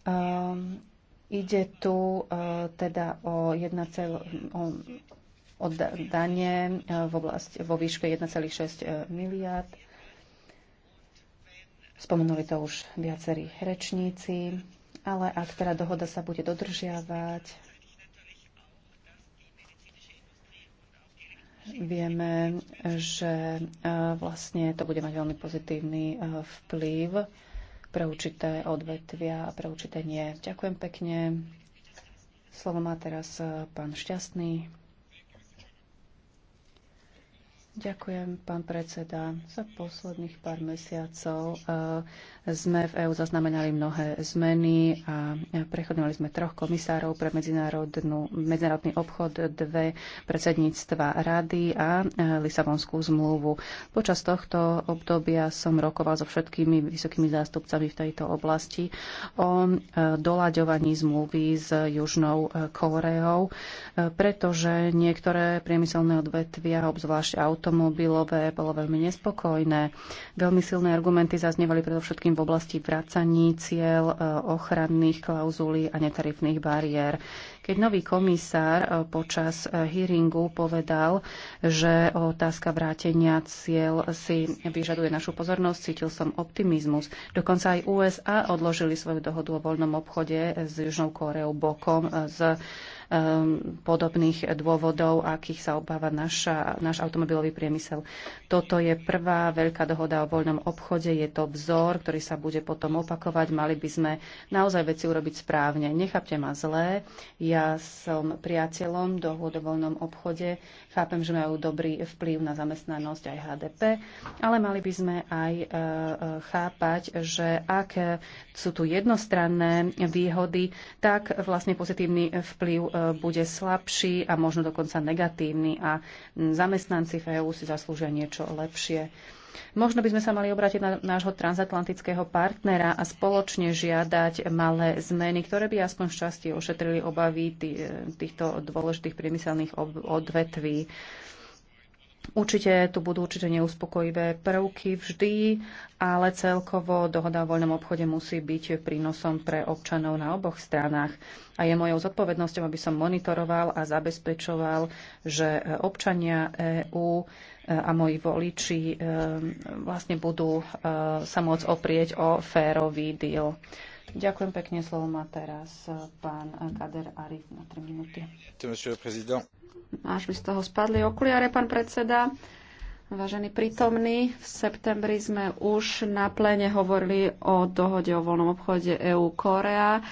Um, ide tu uh, teda o, cel, o, o dane e, v oblasti, vo výške 1,6 miliard. Spomenuli to už viacerí rečníci, ale ak teda dohoda sa bude dodržiavať, Vieme, že e, vlastne to bude mať veľmi pozitívny e, vplyv pre určité odvetvia a pre určité nie. Ďakujem pekne. Slovo má teraz e, pán Šťastný. Ďakujem, pán predseda. Za posledných pár mesiacov eh, sme v EÚ zaznamenali mnohé zmeny a prechodovali sme troch komisárov pre medzinárodný obchod, dve predsedníctva rady a eh, Lisabonskú zmluvu. Počas tohto obdobia som rokoval so všetkými vysokými zástupcami v tejto oblasti o eh, doľaďovaní zmluvy s Južnou Kóreou, pretože niektoré priemyselné odvetvia, obzvlášť auto, automobilové bolo veľmi nespokojné. Veľmi silné argumenty zaznievali predovšetkým v oblasti vracaní cieľ, e, ochranných klauzulí a netarifných bariér. Keď nový komisár e, počas e, hearingu povedal, že otázka vrátenia cieľ si vyžaduje našu pozornosť, cítil som optimizmus. Dokonca aj USA odložili svoju dohodu o voľnom obchode s Južnou Koreou bokom z Um, podobných dôvodov, akých sa obáva naša, náš automobilový priemysel. Toto je prvá veľká dohoda o voľnom obchode, je to vzor, ktorý sa bude potom opakovať. Mali by sme naozaj veci urobiť správne. Nechápte ma zlé, ja som priateľom dohod o voľnom obchode, chápem, že majú dobrý vplyv na zamestnanosť aj HDP, ale mali by sme aj e, e, chápať, že ak sú tu jednostranné výhody, tak vlastne pozitívny vplyv bude slabší a možno dokonca negatívny a zamestnanci v EÚ si zaslúžia niečo lepšie. Možno by sme sa mali obrátiť na nášho transatlantického partnera a spoločne žiadať malé zmeny, ktoré by aspoň šťastie ošetrili obavy týchto dôležitých priemyselných odvetví. Určite tu budú určite neuspokojivé prvky vždy, ale celkovo dohoda o voľnom obchode musí byť prínosom pre občanov na oboch stranách. A je mojou zodpovednosťou, aby som monitoroval a zabezpečoval, že občania EÚ e, a moji voliči e, vlastne budú e, sa môcť oprieť o férový deal. Ďakujem pekne, slovo má teraz pán Kader Arif na 3 minúty. Až by z toho spadli okuliare, pán predseda. Vážení prítomní, v septembri sme už na plene hovorili o dohode o voľnom obchode EU-Korea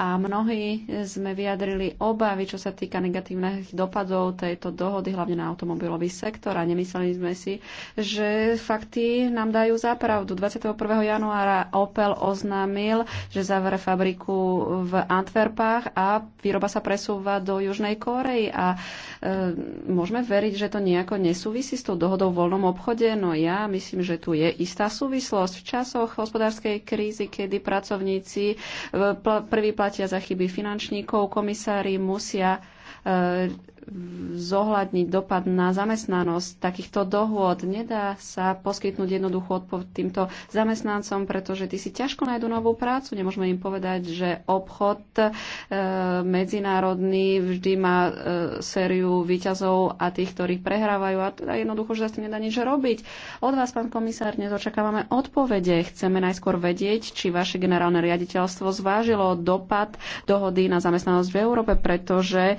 a mnohí sme vyjadrili obavy, čo sa týka negatívnych dopadov tejto dohody, hlavne na automobilový sektor a nemysleli sme si, že fakty nám dajú zapravdu. 21. januára Opel oznámil, že zavere fabriku v Antwerpách a výroba sa presúva do Južnej Kórei a e, môžeme veriť, že to nejako nesúvisí s tou dohodou v voľnom obchode, no ja myslím, že tu je istá súvislosť. V časoch hospodárskej krízy, kedy pracovníci e, prvý plat platia za chyby finančníkov. Komisári musia e, zohľadniť dopad na zamestnanosť takýchto dohôd. Nedá sa poskytnúť jednoduchú odpoveď týmto zamestnancom, pretože tí si ťažko nájdu novú prácu. Nemôžeme im povedať, že obchod e, medzinárodný vždy má e, sériu výťazov a tých, ktorí prehrávajú a teda jednoducho, že sa s tým nedá nič robiť. Od vás, pán komisár, dnes očakávame odpovede. Chceme najskôr vedieť, či vaše generálne riaditeľstvo zvážilo dopad dohody na zamestnanosť v Európe, pretože e,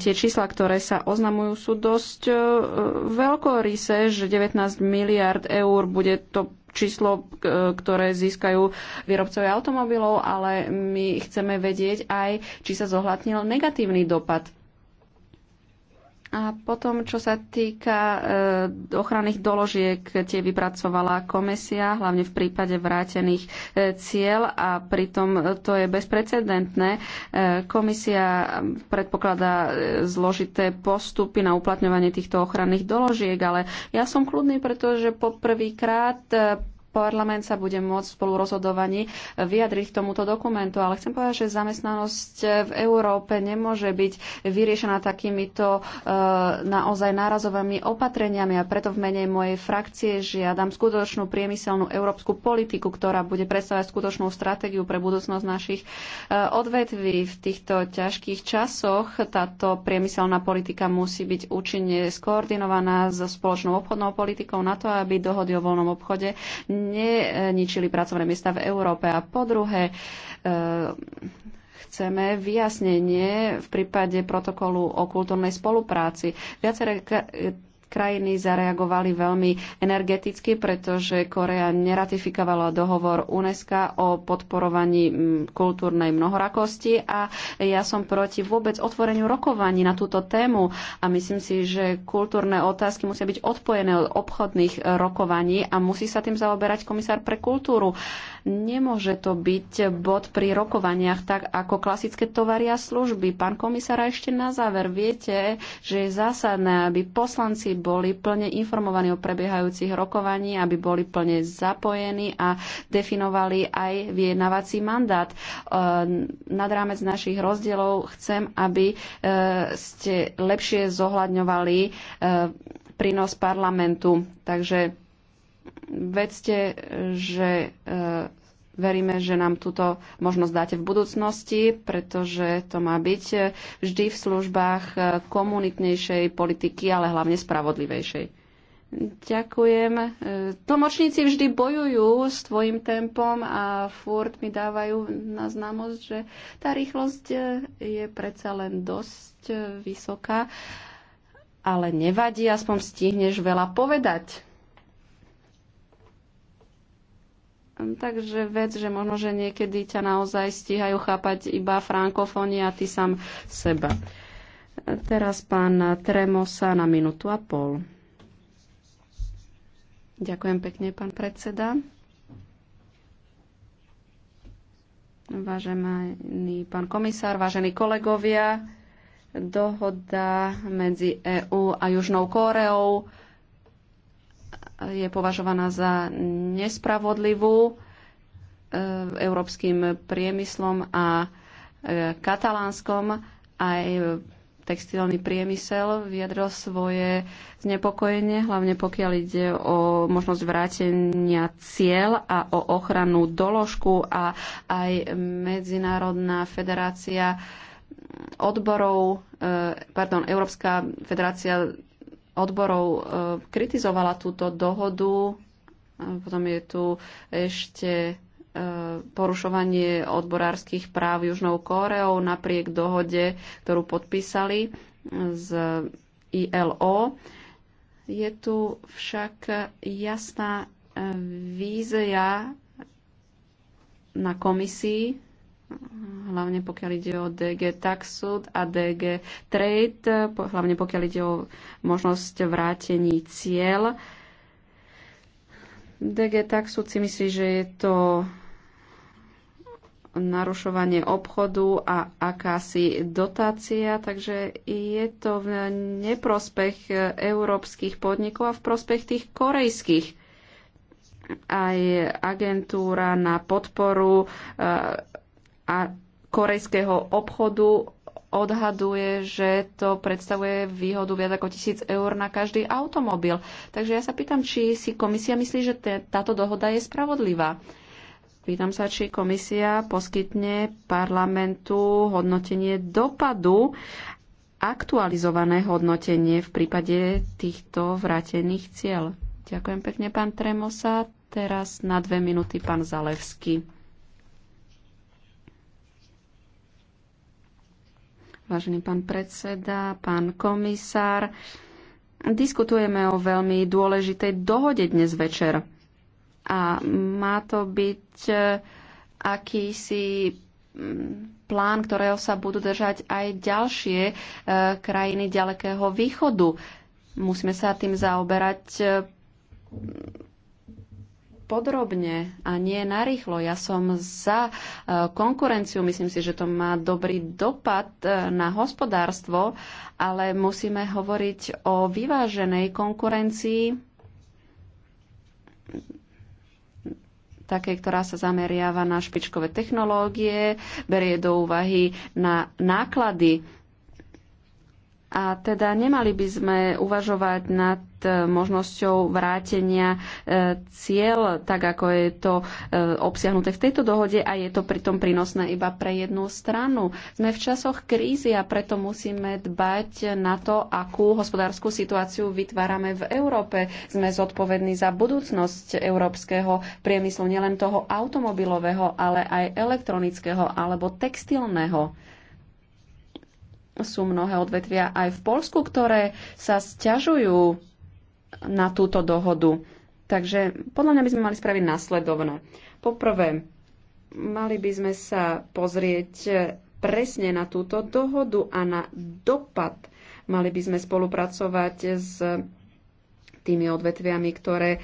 tie čísla, ktoré sa oznamujú, sú dosť e, veľkorysé, že 19 miliard eur bude to číslo, e, ktoré získajú výrobcovia automobilov, ale my chceme vedieť aj, či sa zohľadnil negatívny dopad a potom, čo sa týka e, ochranných doložiek, tie vypracovala komisia, hlavne v prípade vrátených e, cieľ a pritom to je bezprecedentné. E, komisia predpokladá zložité postupy na uplatňovanie týchto ochranných doložiek, ale ja som kľudný, pretože poprvýkrát parlament sa bude môcť v spolurozhodovaní vyjadriť k tomuto dokumentu. Ale chcem povedať, že zamestnanosť v Európe nemôže byť vyriešená takýmito e, naozaj nárazovými opatreniami a preto v mene mojej frakcie žiadam skutočnú priemyselnú európsku politiku, ktorá bude predstavať skutočnú stratégiu pre budúcnosť našich e, odvetví. V týchto ťažkých časoch táto priemyselná politika musí byť účinne skoordinovaná so spoločnou obchodnou politikou na to, aby dohody o voľnom obchode neničili pracovné miesta v Európe. A po druhé, e, chceme vyjasnenie v prípade protokolu o kultúrnej spolupráci. Viaceré krajiny zareagovali veľmi energeticky, pretože Korea neratifikovala dohovor UNESCO o podporovaní mm, kultúrnej mnohorakosti a ja som proti vôbec otvoreniu rokovaní na túto tému a myslím si, že kultúrne otázky musia byť odpojené od obchodných rokovaní a musí sa tým zaoberať komisár pre kultúru. Nemôže to byť bod pri rokovaniach tak ako klasické tovary a služby. Pán komisár, ešte na záver viete, že je zásadné, aby poslanci boli plne informovaní o prebiehajúcich rokovaní, aby boli plne zapojení a definovali aj vyjednávací mandát. E, nad rámec našich rozdielov chcem, aby e, ste lepšie zohľadňovali e, prínos parlamentu. Takže vedzte, že e, veríme, že nám túto možnosť dáte v budúcnosti, pretože to má byť e, vždy v službách e, komunitnejšej politiky, ale hlavne spravodlivejšej. Tlmočníci vždy bojujú s tvojim tempom a furt mi dávajú na známosť, že tá rýchlosť je predsa len dosť vysoká, ale nevadí, aspoň stihneš veľa povedať. Hm, takže vec, že možno, že niekedy ťa naozaj stíhajú chápať iba frankofóni a ty sám seba. Teraz pán Tremosa na minútu a pol. Ďakujem pekne, pán predseda. Vážený pán komisár, vážení kolegovia, dohoda medzi EÚ a Južnou Kóreou je považovaná za nespravodlivú e, európskym priemyslom a e, katalánskom. Aj textilný priemysel vyjadril svoje znepokojenie, hlavne pokiaľ ide o možnosť vrátenia cieľ a o ochranu doložku a aj Medzinárodná federácia odborov, e, pardon, Európska federácia odborov e, kritizovala túto dohodu. E, potom je tu ešte e, porušovanie odborárskych práv Južnou Kóreou napriek dohode, ktorú podpísali z ILO. Je tu však jasná vízia na komisii hlavne pokiaľ ide o DG Taxud a DG Trade, hlavne pokiaľ ide o možnosť vrátení cieľ. DG Taxud si myslí, že je to narušovanie obchodu a akási dotácia, takže je to v neprospech európskych podnikov a v prospech tých korejských aj agentúra na podporu eh, a korejského obchodu odhaduje, že to predstavuje výhodu viac ako tisíc eur na každý automobil. Takže ja sa pýtam, či si komisia myslí, že táto dohoda je spravodlivá. Pýtam sa, či komisia poskytne parlamentu hodnotenie dopadu, aktualizované hodnotenie v prípade týchto vrátených cieľ. Ďakujem pekne, pán Tremosa. Teraz na dve minúty pán Zalevský. Vážený pán predseda, pán komisár, diskutujeme o veľmi dôležitej dohode dnes večer. A má to byť e, akýsi plán, ktorého sa budú držať aj ďalšie e, krajiny ďalekého východu. Musíme sa tým zaoberať e, podrobne a nie narýchlo. Ja som za e, konkurenciu, myslím si, že to má dobrý dopad e, na hospodárstvo, ale musíme hovoriť o vyváženej konkurencii, také, ktorá sa zameriava na špičkové technológie, berie do úvahy na náklady a teda nemali by sme uvažovať nad e, možnosťou vrátenia e, cieľ, tak ako je to e, obsiahnuté v tejto dohode a je to pritom prínosné iba pre jednu stranu. Sme v časoch krízy a preto musíme dbať na to, akú hospodárskú situáciu vytvárame v Európe. Sme zodpovední za budúcnosť európskeho priemyslu, nielen toho automobilového, ale aj elektronického alebo textilného. Sú mnohé odvetvia aj v Polsku, ktoré sa sťažujú na túto dohodu. Takže podľa mňa by sme mali spraviť následovné. Poprvé, mali by sme sa pozrieť presne na túto dohodu a na dopad. Mali by sme spolupracovať s tými odvetviami, ktoré eh,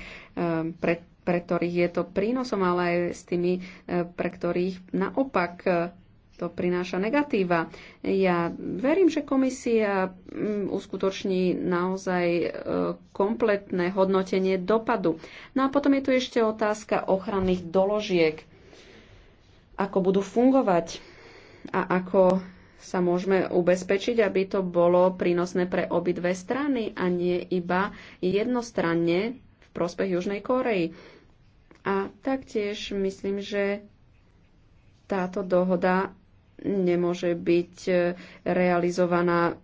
pre, pre ktorých je to prínosom, ale aj s tými, eh, pre ktorých naopak eh, to prináša negatíva. Ja verím, že komisia mm, uskutoční naozaj e, kompletné hodnotenie dopadu. No a potom je tu ešte otázka ochranných doložiek. Ako budú fungovať a ako sa môžeme ubezpečiť, aby to bolo prínosné pre obidve strany a nie iba jednostranne v prospech Južnej Korei. A taktiež myslím, že táto dohoda nemôže byť e, realizovaná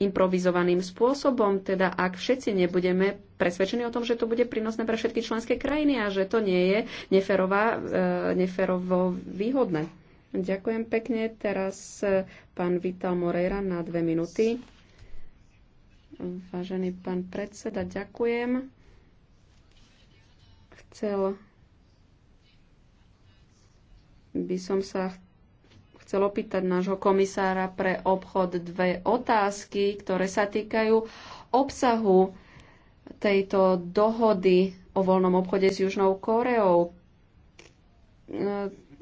improvizovaným spôsobom. Teda ak všetci nebudeme presvedčení o tom, že to bude prínosné pre všetky členské krajiny a že to nie je neferová, e, neferovo výhodné. Ďakujem pekne. Teraz e, pán Vital Moreira na dve minúty. Vážený pán predseda, ďakujem. Chcel by som sa chcel opýtať nášho komisára pre obchod dve otázky, ktoré sa týkajú obsahu tejto dohody o voľnom obchode s Južnou Koreou. E,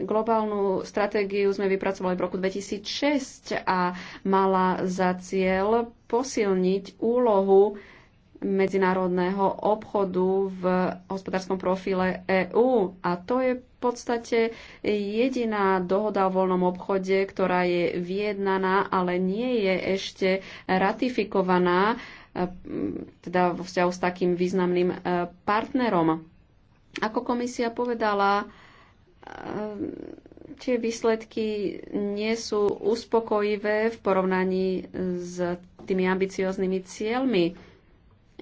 globálnu stratégiu sme vypracovali v roku 2006 a mala za cieľ posilniť úlohu medzinárodného obchodu v hospodárskom profile EÚ. A to je podstate jediná dohoda o voľnom obchode, ktorá je vyjednaná, ale nie je ešte ratifikovaná, e, teda vo vzťahu s takým významným e, partnerom. Ako komisia povedala, e, tie výsledky nie sú uspokojivé v porovnaní s tými ambicioznými cieľmi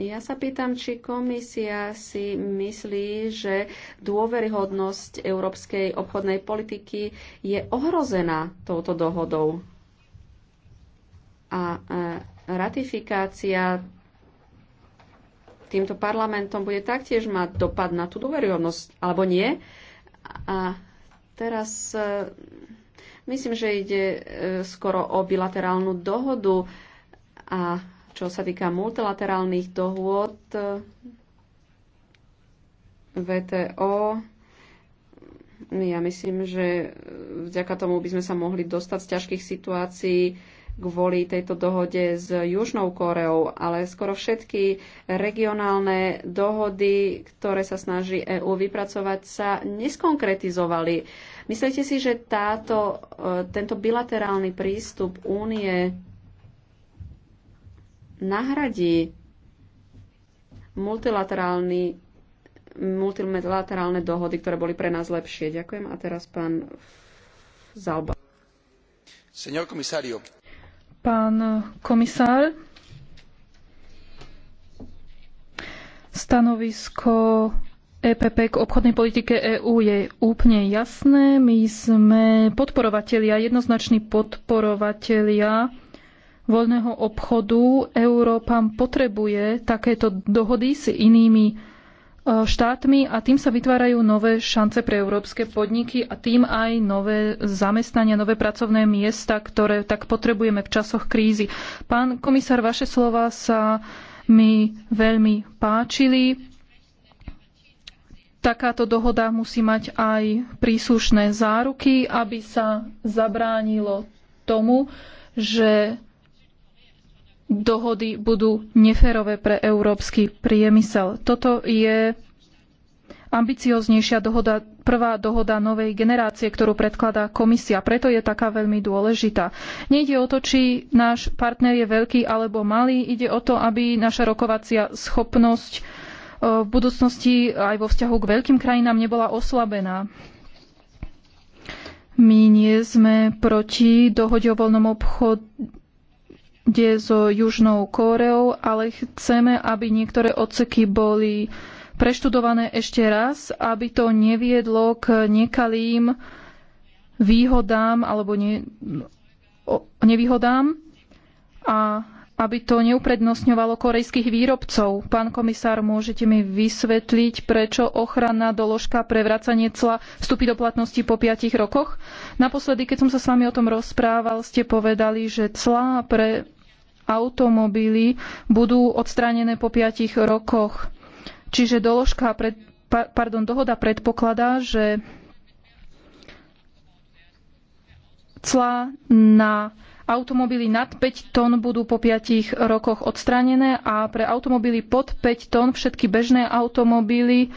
ja sa pýtam, či komisia si myslí, že dôveryhodnosť európskej obchodnej politiky je ohrozená touto dohodou. A e, ratifikácia týmto parlamentom bude taktiež mať dopad na tú dôveryhodnosť, alebo nie. A teraz e, myslím, že ide e, skoro o bilaterálnu dohodu a čo sa týka multilaterálnych dohôd, VTO, ja myslím, že vďaka tomu by sme sa mohli dostať z ťažkých situácií kvôli tejto dohode s Južnou Koreou, ale skoro všetky regionálne dohody, ktoré sa snaží EÚ vypracovať, sa neskonkretizovali. Myslíte si, že táto, e, tento bilaterálny prístup únie nahradí multilaterálny multilaterálne dohody, ktoré boli pre nás lepšie. Ďakujem. A teraz pán Zalba. Señor komisario. Pán komisár, stanovisko EPP k obchodnej politike EÚ je úplne jasné. My sme podporovatelia, jednoznační podporovatelia voľného obchodu Európa potrebuje takéto dohody s inými e, štátmi a tým sa vytvárajú nové šance pre európske podniky a tým aj nové zamestnania, nové pracovné miesta, ktoré tak potrebujeme v časoch krízy. Pán komisár, vaše slova sa mi veľmi páčili. Takáto dohoda musí mať aj príslušné záruky, aby sa zabránilo tomu, že dohody budú neférové pre európsky priemysel. Toto je ambicioznejšia dohoda, prvá dohoda novej generácie, ktorú predkladá komisia. Preto je taká veľmi dôležitá. Nejde o to, či náš partner je veľký alebo malý. Ide o to, aby naša rokovacia schopnosť e, v budúcnosti aj vo vzťahu k veľkým krajinám nebola oslabená. My nie sme proti dohode o voľnom obchode dohode so Južnou Kóreou, ale chceme, aby niektoré odseky boli preštudované ešte raz, aby to neviedlo k nekalým výhodám alebo ne, nevýhodám. A aby to neuprednostňovalo korejských výrobcov. Pán komisár, môžete mi vysvetliť, prečo ochranná doložka pre vracanie cla vstúpi do platnosti po piatich rokoch? Naposledy, keď som sa s vami o tom rozprával, ste povedali, že clá pre automobily budú odstránené po piatich rokoch. Čiže doložka pred, pardon, dohoda predpokladá, že clá na automobily nad 5 tón budú po 5 rokoch odstranené a pre automobily pod 5 tón všetky bežné automobily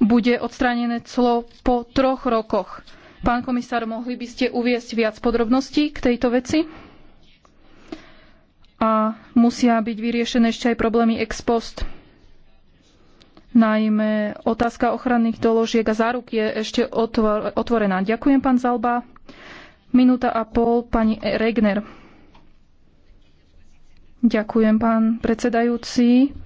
bude odstranené clo po troch rokoch. Pán komisár, mohli by ste uviesť viac podrobností k tejto veci? A musia byť vyriešené ešte aj problémy ex post. Najmä otázka ochranných doložiek a záruk je ešte otvorená. Ďakujem, pán Zalba. Minúta a pol, pani Regner. Ďakujem, pán predsedajúci.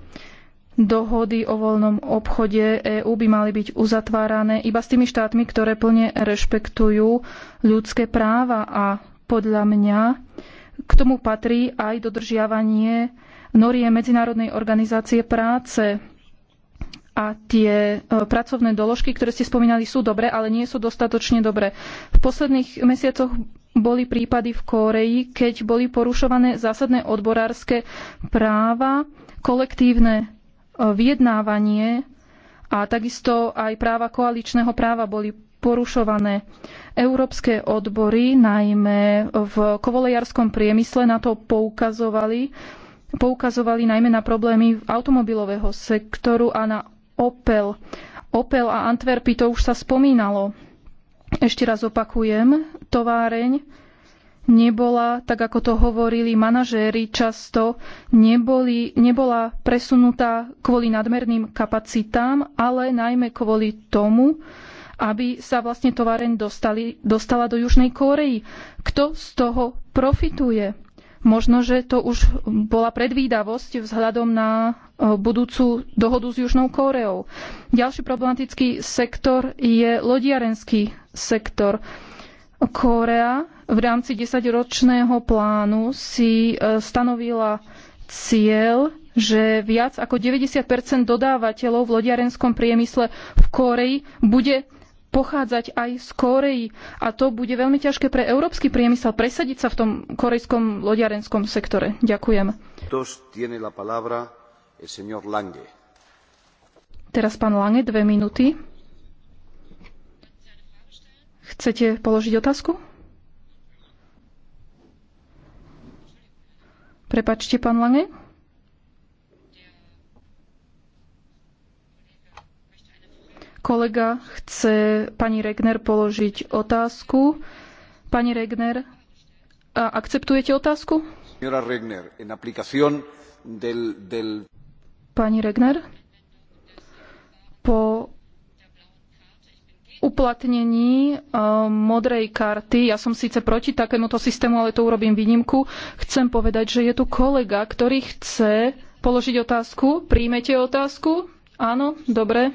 Dohody o voľnom obchode EÚ by mali byť uzatvárané iba s tými štátmi, ktoré plne rešpektujú ľudské práva a podľa mňa k tomu patrí aj dodržiavanie norie Medzinárodnej organizácie práce a tie e, pracovné doložky, ktoré ste spomínali, sú dobré, ale nie sú dostatočne dobré. V posledných mesiacoch boli prípady v Kóreji, keď boli porušované zásadné odborárske práva, kolektívne e, vyjednávanie a takisto aj práva koaličného práva boli porušované. Európske odbory, najmä v kovolejarskom priemysle, na to poukazovali, poukazovali najmä na problémy automobilového sektoru a na Opel. Opel a Antwerpy, to už sa spomínalo. Ešte raz opakujem, továreň nebola, tak ako to hovorili manažéri často, neboli, nebola presunutá kvôli nadmerným kapacitám, ale najmä kvôli tomu, aby sa vlastne továreň dostali, dostala do Južnej Kórei. Kto z toho profituje? Možno, že to už bola predvídavosť vzhľadom na Eh, budúcu dohodu s Južnou Kóreou. Ďalší problematický sektor je lodiarenský sektor. Kórea v rámci desaťročného plánu si eh, stanovila cieľ, že viac ako 90 dodávateľov v lodiarenskom priemysle v Kóreji bude pochádzať aj z Kórei a to bude veľmi ťažké pre európsky priemysel presadiť sa v tom korejskom lodiarenskom sektore. Ďakujem. tiene la palabra Teraz pán Lange, dve minúty. Chcete položiť otázku? Prepačte, pán Lange. Kolega chce pani Regner položiť otázku. Pani Regner, akceptujete otázku? Regner, en aplicación del, del... Pani Regner? Po uplatnení e, modrej karty. Ja som síce proti takémuto systému, ale to urobím výnimku. Chcem povedať, že je tu kolega, ktorý chce položiť otázku. Príjmete otázku? Áno, dobre.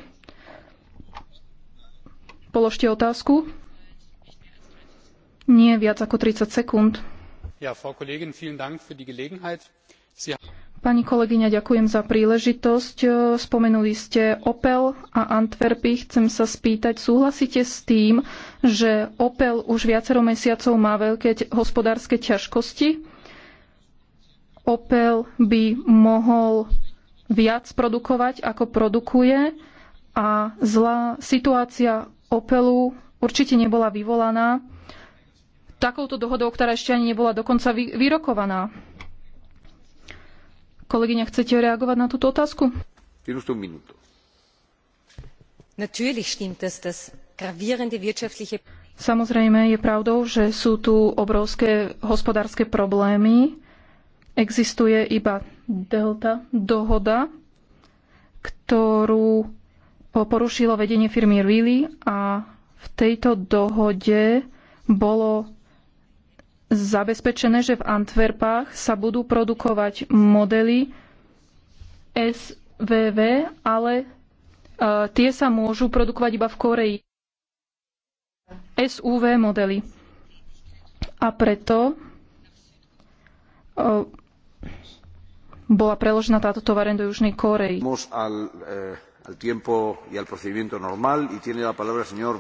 Položte otázku. Nie viac ako 30 sekúnd. Ja, Frau Kollegin, vielen Dank für die Gelegenheit. Sie Pani kolegyňa, ďakujem za príležitosť. E, spomenuli ste Opel a Antwerpy. Chcem sa spýtať, súhlasíte s tým, že Opel už viacero mesiacov má veľké hospodárske ťažkosti? Opel by mohol viac produkovať, ako produkuje a zlá situácia Opelu určite nebola vyvolaná takouto dohodou, ktorá ešte ani nebola dokonca vyrokovaná. Kolegyňa, chcete reagovať na túto otázku? Samozrejme je pravdou, že sú tu obrovské hospodárske problémy. Existuje iba delta dohoda, ktorú porušilo vedenie firmy Really a v tejto dohode bolo zabezpečené, že v Antwerpách sa budú produkovať modely SVV, ale e, tie sa môžu produkovať iba v Koreji. SUV modely. A preto e, bola preložená táto tovareň do Južnej Korei. Al, eh, al tiempo y al procedimiento normal y tiene la palabra señor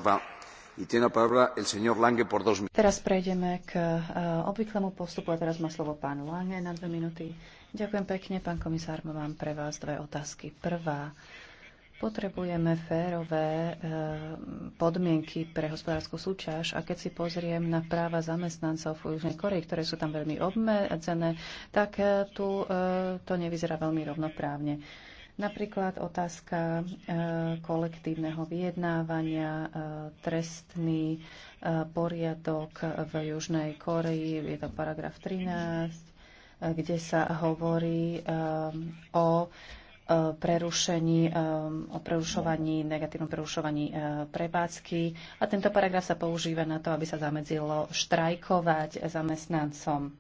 Teraz prejdeme k eh, obvyklému postupu a teraz má slovo pán Lange na dve minúty. Ďakujem pekne, pán komisár, mám pre vás dve otázky. Prvá, Potrebujeme férové eh, podmienky pre hospodárskú súťaž a keď si pozriem na práva zamestnancov v Južnej Koreji, ktoré sú tam veľmi obmedzené, tak eh, tu to nevyzerá veľmi rovnoprávne. Napríklad otázka e, kolektívneho vyjednávania, e, trestný e, poriadok v Južnej Koreji, je to paragraf 13, kde sa hovorí o prerušení, o prerušovaní, negatívnom prerušovaní prevádzky. A tento paragraf sa používa na to, aby sa zamedzilo štrajkovať zamestnancom.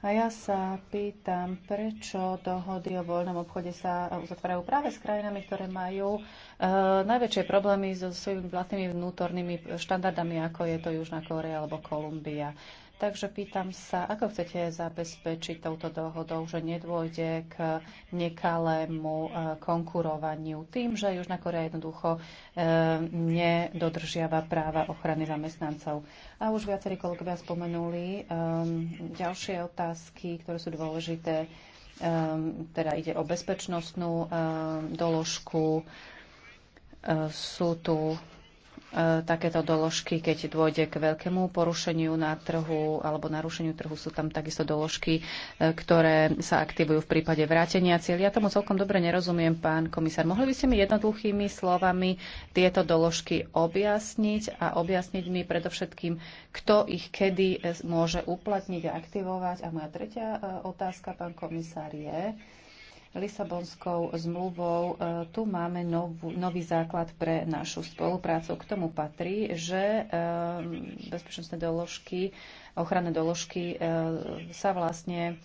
A ja sa pýtam, prečo dohody o voľnom obchode sa uzatvárajú práve s krajinami, ktoré majú e, najväčšie problémy so svojimi vlastnými vnútornými štandardami, ako je to Južná Kórea alebo Kolumbia. Takže pýtam sa, ako chcete zabezpečiť touto dohodou, že nedôjde k nekalému e, konkurovaniu tým, že Južná Korea jednoducho e, nedodržiava práva ochrany zamestnancov. A už viacerí kolegovia spomenuli e, ďalšie otázky, ktoré sú dôležité. Teda ide o bezpečnostnú doložku. Sú tu E, takéto doložky, keď dôjde k veľkému porušeniu na trhu alebo narušeniu trhu, sú tam takisto doložky, e, ktoré sa aktivujú v prípade vrátenia cieľ. Ja tomu celkom dobre nerozumiem, pán komisár. Mohli by ste mi jednoduchými slovami tieto doložky objasniť a objasniť mi predovšetkým, kto ich kedy e, môže uplatniť a aktivovať. A moja tretia otázka, pán komisár, je, Lisabonskou zmluvou e, tu máme novú, nový základ pre našu spoluprácu. K tomu patrí, že e, bezpečnostné doložky, ochranné doložky e, sa vlastne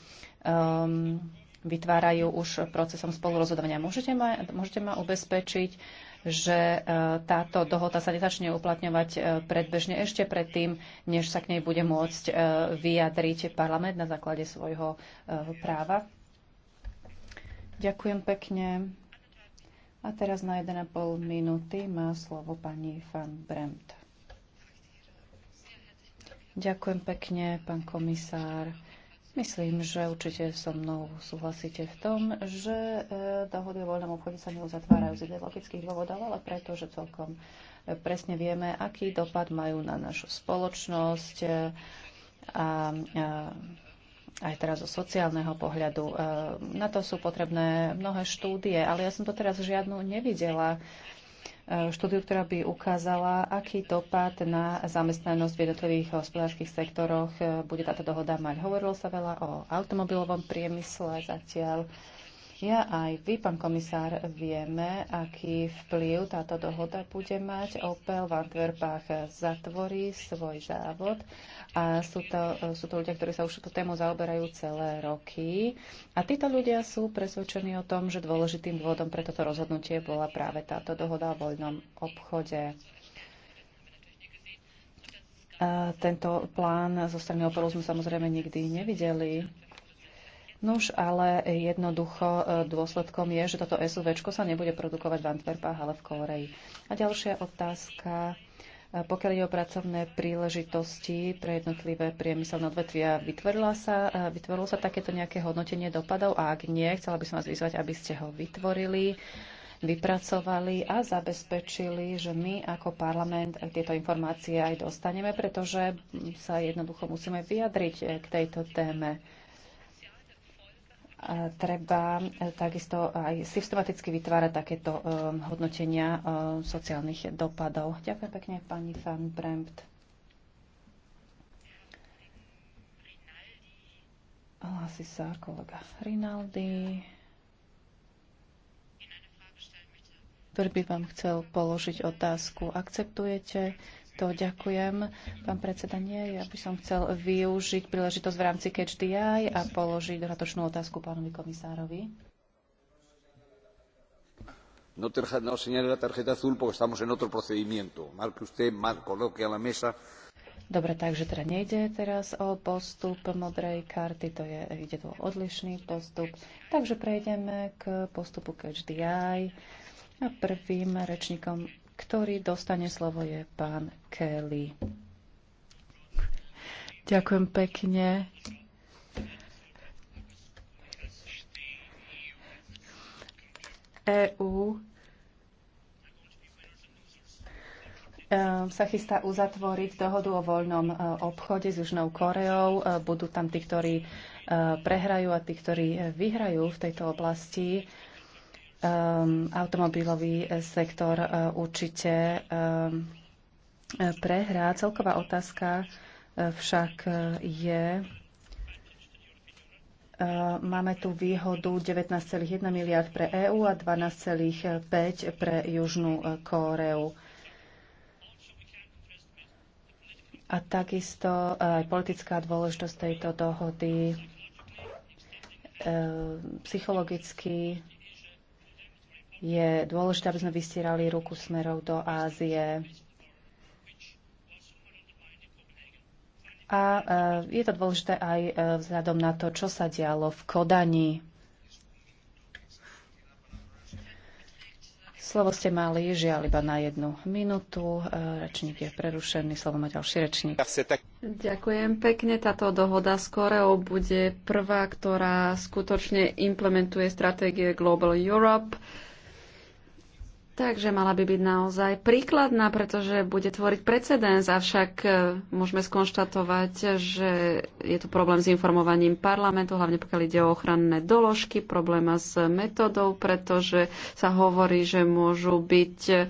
vytvárajú už procesom spolurozhodovania. Môžete ma, môžete ma ubezpečiť, že táto dohoda sa nezačne uplatňovať predbežne ešte predtým, než sa k nej bude môcť vyjadriť parlament na základe svojho práva? Ďakujem pekne. A teraz na 1,5 minúty má slovo pani Van Bremt. Ďakujem pekne, pán komisár. Myslím, že určite so mnou súhlasíte v tom, že e, dohody o voľnom obchode sa neuzatvárajú z ideologických dôvodov, ale preto, že celkom e, presne vieme, aký dopad majú na našu spoločnosť e, a, a aj teraz zo sociálneho pohľadu. E, na to sú potrebné mnohé štúdie, ale ja som to teraz žiadnu nevidela e, štúdiu, ktorá by ukázala, aký dopad na zamestnanosť v jednotlivých hospodárskych sektoroch e, bude táto dohoda mať. Hovorilo sa veľa o automobilovom priemysle zatiaľ. Ja aj vy, pán komisár, vieme, aký vplyv táto dohoda bude mať. Opel v Antwerpách zatvorí svoj závod a sú to, sú to ľudia, ktorí sa už tú tému zaoberajú celé roky. A títo ľudia sú presvedčení o tom, že dôležitým dôvodom pre toto rozhodnutie bola práve táto dohoda o voľnom obchode. A tento plán zo strany Opelu sme samozrejme nikdy nevideli Nuž, ale jednoducho e, dôsledkom je, že toto SUV sa nebude produkovať v Antwerpách, ale v Koreji. A ďalšia otázka. E, pokiaľ je o pracovné príležitosti pre jednotlivé priemyselné odvetvia, vytvorila sa, e, vytvorilo sa takéto nejaké hodnotenie dopadov? A ak nie, chcela by som vás vyzvať, aby ste ho vytvorili vypracovali a zabezpečili, že my ako parlament tieto informácie aj dostaneme, pretože sa jednoducho musíme vyjadriť k tejto téme treba e, takisto aj systematicky vytvárať takéto e, hodnotenia e, sociálnych dopadov. Ďakujem pekne pani Van Brempt. Hlási sa kolega Rinaldi, ktorý by vám chcel položiť otázku. Akceptujete to ďakujem, pán predseda. Nie, ja by som chcel využiť príležitosť v rámci Catch a položiť dodatočnú otázku pánovi komisárovi. No, terja, no señale la tarjeta azul porque estamos en otro procedimiento. Marque usted, mar, coloque a la mesa. Dobre, takže teda nejde teraz o postup modrej karty, to je, ide tu o odlišný postup. Takže prejdeme k postupu Catch A prvým rečníkom ktorý dostane slovo je pán Kelly. Ďakujem pekne. EU e, sa chystá uzatvoriť dohodu o voľnom e, obchode s Južnou Koreou. E, budú tam tí, ktorí prehrajú a tí, ktorí vyhrajú v tejto oblasti um, automobilový e, sektor uh, určite um, prehrá. Celková otázka uh, však je, Máme tu výhodu 19,1 miliard pre EÚ a 12,5 pre Južnú Kóreu. A takisto aj politická dôležitosť tejto dohody psychologicky je dôležité, aby sme vystierali ruku smerov do Ázie. A e, je to dôležité aj e, vzhľadom na to, čo sa dialo v Kodani. Slovo ste mali, žiaľ, iba na jednu minútu. E, rečník je prerušený, slovo má ďalší rečník. Ďakujem pekne. Táto dohoda s Koreou bude prvá, ktorá skutočne implementuje stratégie Global Europe. Takže mala by byť naozaj príkladná, pretože bude tvoriť precedens, avšak e, môžeme skonštatovať, že je tu problém s informovaním parlamentu, hlavne pokiaľ ide o ochranné doložky, problém s metodou, pretože sa hovorí, že môžu byť e,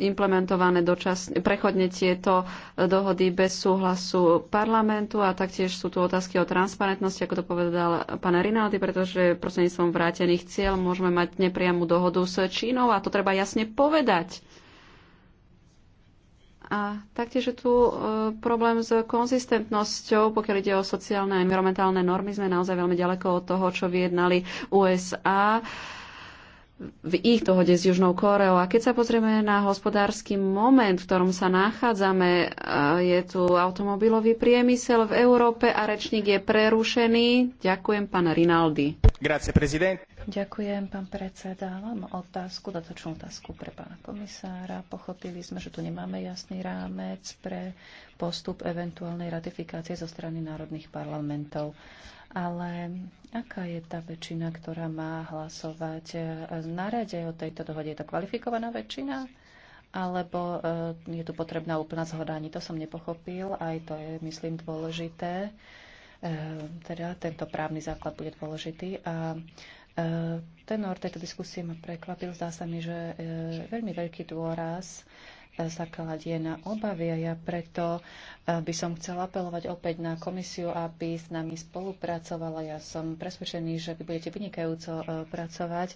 implementované dočasne, prechodne tieto dohody bez súhlasu parlamentu a taktiež sú tu otázky o transparentnosti, ako to povedal pán Rinaldi, pretože prostredníctvom vrátených cieľ môžeme mať nepriamu dohodu s Čínou a to treba jasne povedať. A taktiež je tu e, problém s konzistentnosťou, pokiaľ ide o sociálne a environmentálne normy. Sme naozaj veľmi ďaleko od toho, čo vyjednali USA. E, v ich dohode s Južnou Koreou. A keď sa pozrieme na hospodársky moment, v ktorom sa nachádzame, e, je tu automobilový priemysel v Európe a rečník je prerušený. Ďakujem, pán Rinaldi. Grazie, prezident. Ďakujem, pán predseda. Mám otázku, dotočnú otázku pre pána komisára. Pochopili sme, že tu nemáme jasný rámec pre postup eventuálnej ratifikácie zo strany národných parlamentov. Ale aká je tá väčšina, ktorá má hlasovať na rade o tejto dohode? Je to kvalifikovaná väčšina? Alebo eh, je tu potrebná úplná zhoda? Ani to som nepochopil. Aj to je, myslím, dôležité. Eh, teda tento právny základ bude dôležitý. A eh, Tenor tejto diskusie ma prekvapil. Zdá sa mi, že veľmi veľký dôraz zakladie na obavy a ja preto eh, by som chcela apelovať opäť na komisiu, aby s nami spolupracovala. Ja som presvedčený, že vy budete vynikajúco eh, pracovať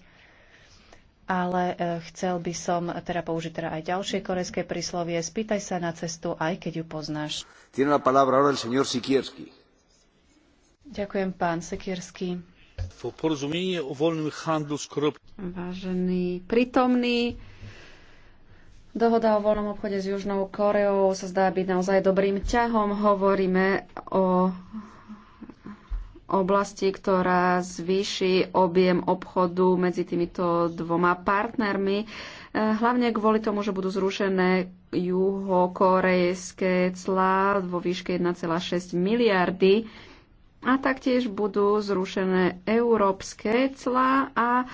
ale eh, chcel by som teda použiť teda aj ďalšie korejské príslovie. Spýtaj sa na cestu, aj keď ju poznáš. Tiene la palabra ahora el señor Sikierski. Ďakujem, pán Sikierski. Vážený prítomný, Dohoda o voľnom obchode s Južnou Koreou sa zdá byť naozaj dobrým ťahom. Hovoríme o oblasti, ktorá zvýši objem obchodu medzi týmito dvoma partnermi, eh, hlavne kvôli tomu, že budú zrušené juhokorejské clá vo výške 1,6 miliardy a taktiež budú zrušené európske clá a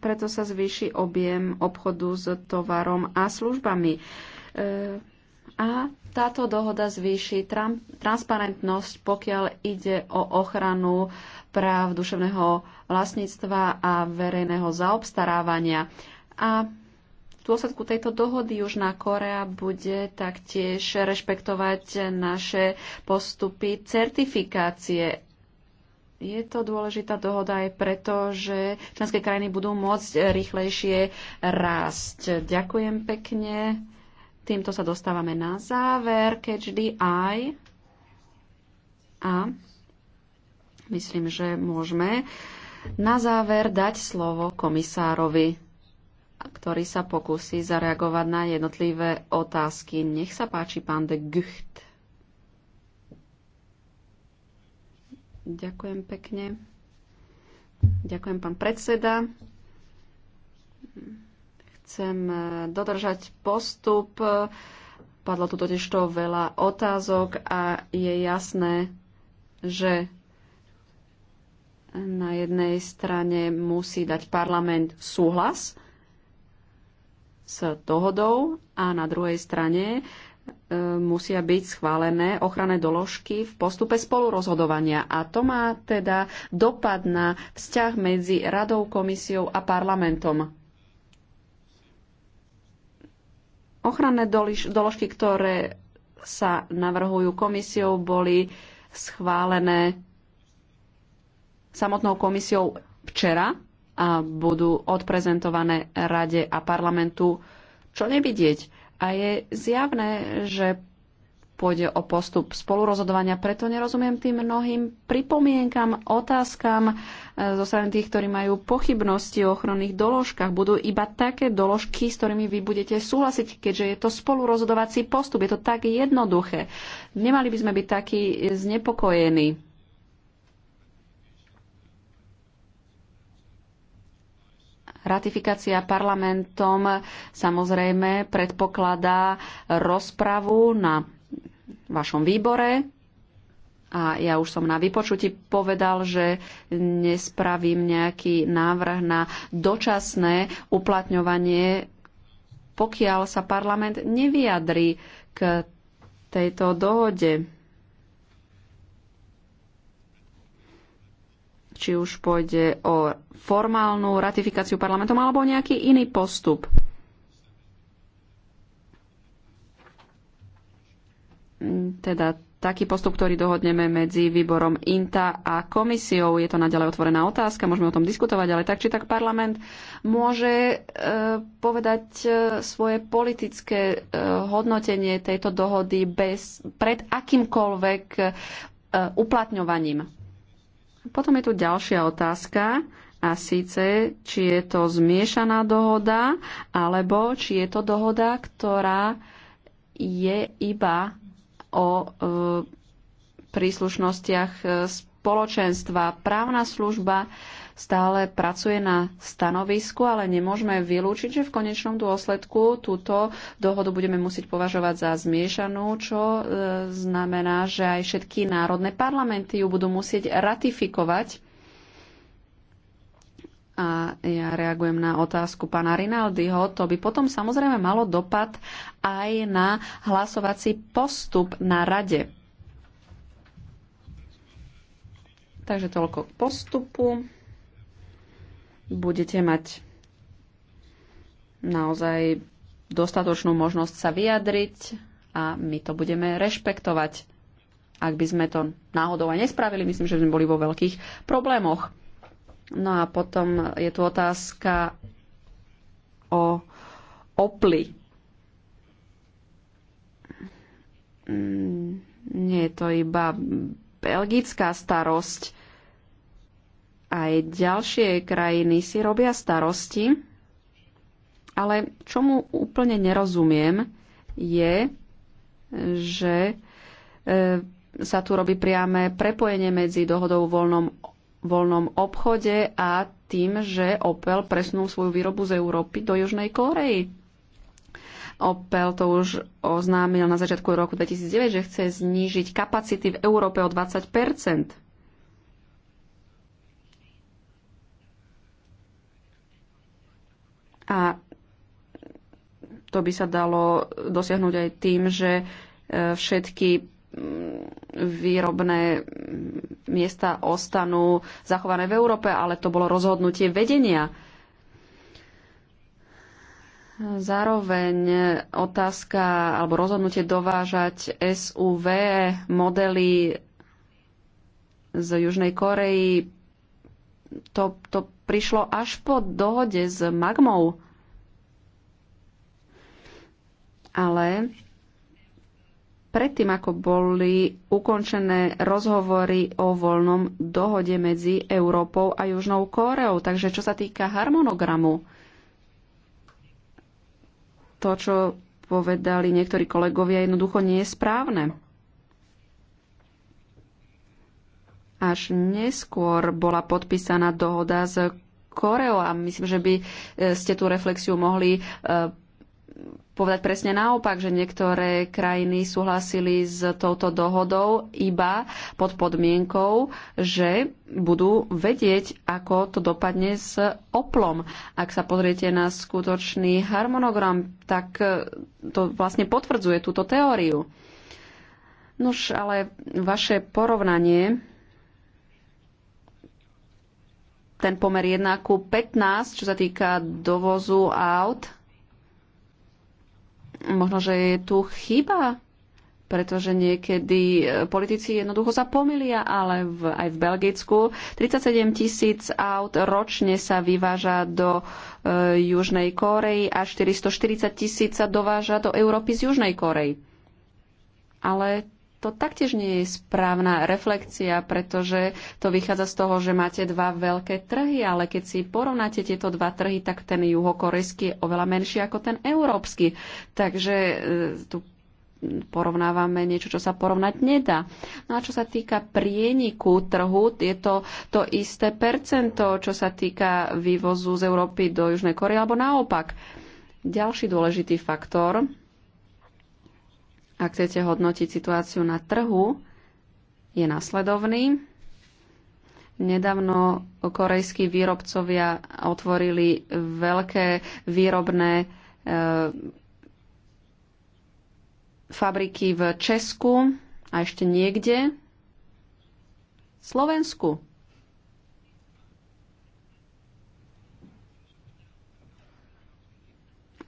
preto sa zvýši objem obchodu s tovarom a službami. E, a táto dohoda zvýši transparentnosť, pokiaľ ide o ochranu práv duševného vlastníctva a verejného zaobstarávania. A v dôsledku tejto dohody Južná Korea bude taktiež rešpektovať naše postupy certifikácie je to dôležitá dohoda aj preto, že členské krajiny budú môcť rýchlejšie rásť. Ďakujem pekne. Týmto sa dostávame na záver, keď aj. A myslím, že môžeme na záver dať slovo komisárovi, ktorý sa pokusí zareagovať na jednotlivé otázky. Nech sa páči, pán de Gucht. Ďakujem pekne. Ďakujem, pán predseda. Chcem e, dodržať postup. Padlo tu totiž to veľa otázok a je jasné, že na jednej strane musí dať parlament súhlas s dohodou a na druhej strane musia byť schválené ochranné doložky v postupe spolurozhodovania. A to má teda dopad na vzťah medzi Radou, komisiou a parlamentom. Ochranné doložky, ktoré sa navrhujú komisiou, boli schválené samotnou komisiou včera a budú odprezentované Rade a parlamentu, čo nevidieť a je zjavné, že pôjde o postup spolurozhodovania, preto nerozumiem tým mnohým pripomienkam, otázkam e, zo strany tých, ktorí majú pochybnosti o ochranných doložkách. Budú iba také doložky, s ktorými vy budete súhlasiť, keďže je to spolurozhodovací postup. Je to tak jednoduché. Nemali by sme byť takí znepokojení Ratifikácia parlamentom samozrejme predpokladá rozpravu na vašom výbore. A ja už som na vypočutí povedal, že nespravím nejaký návrh na dočasné uplatňovanie, pokiaľ sa parlament nevyjadri k tejto dohode. či už pôjde o formálnu ratifikáciu parlamentom alebo nejaký iný postup. Teda taký postup, ktorý dohodneme medzi výborom INTA a komisiou. Je to naďalej otvorená otázka, môžeme o tom diskutovať, ale tak či tak parlament môže e, povedať e, svoje politické e, hodnotenie tejto dohody bez, pred akýmkoľvek e, uplatňovaním. Potom je tu ďalšia otázka a síce, či je to zmiešaná dohoda, alebo či je to dohoda, ktorá je iba o e, príslušnostiach e, spoločenstva. Právna služba e, stále pracuje na stanovisku, ale nemôžeme vylúčiť, že v konečnom dôsledku túto dohodu budeme musieť považovať za zmiešanú, čo e, znamená, že aj všetky národné parlamenty ju budú musieť ratifikovať. A ja reagujem na otázku pána Rinaldiho. To by potom samozrejme malo dopad aj na hlasovací postup na rade. Takže toľko postupu budete mať naozaj dostatočnú možnosť sa vyjadriť a my to budeme rešpektovať. Ak by sme to náhodou aj nespravili, myslím, že by sme boli vo veľkých problémoch. No a potom je tu otázka o oply. Mm, nie je to iba belgická starosť. Aj ďalšie krajiny si robia starosti, ale čomu úplne nerozumiem, je, že e, sa tu robí priame prepojenie medzi dohodou o voľnom, voľnom obchode a tým, že Opel presunul svoju výrobu z Európy do Južnej Kórei. Opel to už oznámil na začiatku roku 2009, že chce znížiť kapacity v Európe o 20 A to by sa dalo dosiahnuť aj tým, že e, všetky mm, výrobné miesta ostanú zachované v Európe, ale to bolo rozhodnutie vedenia. Zároveň otázka alebo rozhodnutie dovážať SUV modely z Južnej Koreji, to, to prišlo až po dohode s magmou. Ale predtým, ako boli ukončené rozhovory o voľnom dohode medzi Európou a Južnou Kóreou. Takže čo sa týka harmonogramu, to, čo povedali niektorí kolegovia, jednoducho nie je správne. až neskôr bola podpísaná dohoda s Koreou a myslím, že by e, ste tú reflexiu mohli e, povedať presne naopak, že niektoré krajiny súhlasili s touto dohodou iba pod podmienkou, že budú vedieť, ako to dopadne s oplom. Ak sa pozriete na skutočný harmonogram, tak e, to vlastne potvrdzuje túto teóriu. Nož, ale vaše porovnanie ten pomer 1 ku 15, čo sa týka dovozu aut. Možno, že je tu chyba, pretože niekedy e, politici jednoducho sa pomilia, ale v, aj v Belgicku 37 tisíc aut ročne sa vyváža do e, Južnej Korei a 440 tisíc sa dováža do Európy z Južnej Korei. Ale to taktiež nie je správna reflexia, pretože to vychádza z toho, že máte dva veľké trhy, ale keď si porovnáte tieto dva trhy, tak ten juhokorejský je oveľa menší ako ten európsky. Takže e, tu porovnávame niečo, čo sa porovnať nedá. No a čo sa týka prieniku trhu, je to to isté percento, čo sa týka vývozu z Európy do Južnej Korei, alebo naopak. Ďalší dôležitý faktor ak chcete hodnotiť situáciu na trhu, je nasledovný. Nedávno korejskí výrobcovia otvorili veľké výrobné e, fabriky v Česku a ešte niekde. Slovensku.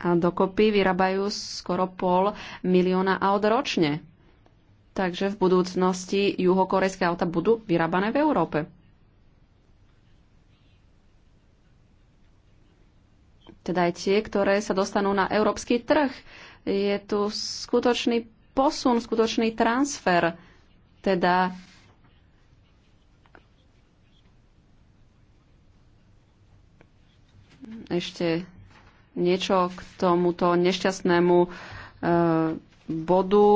a dokopy vyrábajú skoro pol milióna aut ročne. Takže v budúcnosti juhokorejské auta budú vyrábané v Európe. Teda aj tie, ktoré sa dostanú na európsky trh. Je tu skutočný posun, skutočný transfer. Teda ešte niečo k tomuto nešťastnému e, bodu,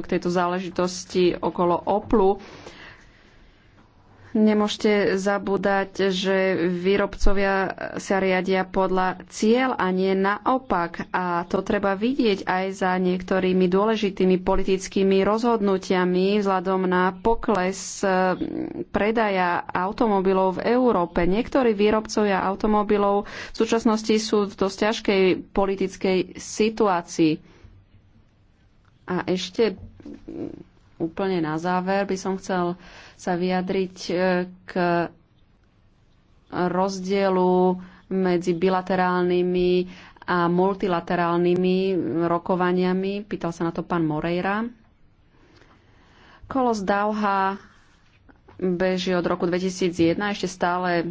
k tejto záležitosti okolo Oplu. Nemôžete zabúdať, že výrobcovia sa riadia podľa cieľ a nie naopak. A to treba vidieť aj za niektorými dôležitými politickými rozhodnutiami vzhľadom na pokles eh, predaja automobilov v Európe. Niektorí výrobcovia automobilov v súčasnosti sú v dosť ťažkej politickej situácii. A ešte úplne na záver by som chcel sa vyjadriť e, k rozdielu medzi bilaterálnymi a multilaterálnymi rokovaniami. Pýtal sa na to pán Moreira. Kolos Dauha beží od roku 2001, ešte stále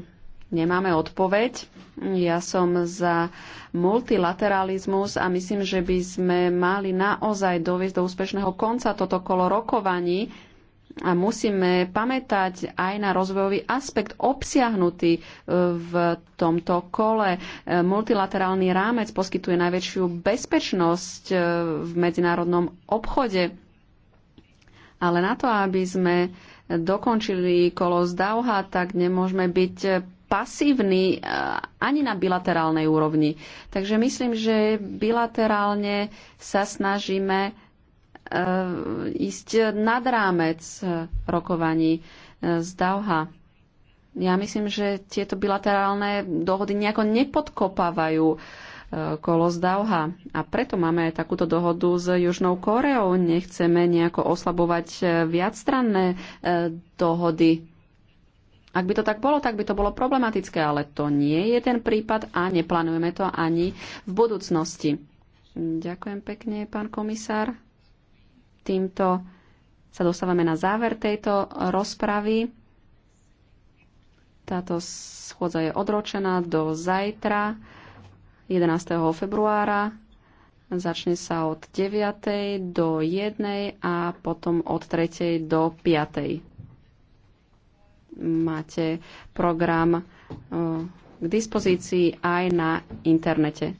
nemáme odpoveď. Ja som za multilateralizmus a myslím, že by sme mali naozaj doviesť do úspešného konca toto kolo rokovaní a musíme pamätať aj na rozvojový aspekt obsiahnutý e, v tomto kole. E, multilaterálny rámec poskytuje najväčšiu bezpečnosť e, v medzinárodnom obchode. Ale na to, aby sme dokončili kolo z Dauha, tak nemôžeme byť pasívny e, ani na bilaterálnej úrovni. Takže myslím, že bilaterálne sa snažíme e, ísť nad rámec e, rokovaní z Dauha. Ja myslím, že tieto bilaterálne dohody nejako nepodkopávajú kolo z Dauha. A preto máme aj takúto dohodu s Južnou Koreou. Nechceme nejako oslabovať viacstranné dohody ak by to tak bolo, tak by to bolo problematické, ale to nie je ten prípad a neplánujeme to ani v budúcnosti. Ďakujem pekne, pán komisár. Týmto sa dostávame na záver tejto rozpravy. Táto schôdza je odročená do zajtra, 11. februára. Začne sa od 9. do 1. a potom od 3. do 5 máte program eh, k dispozícii aj na internete.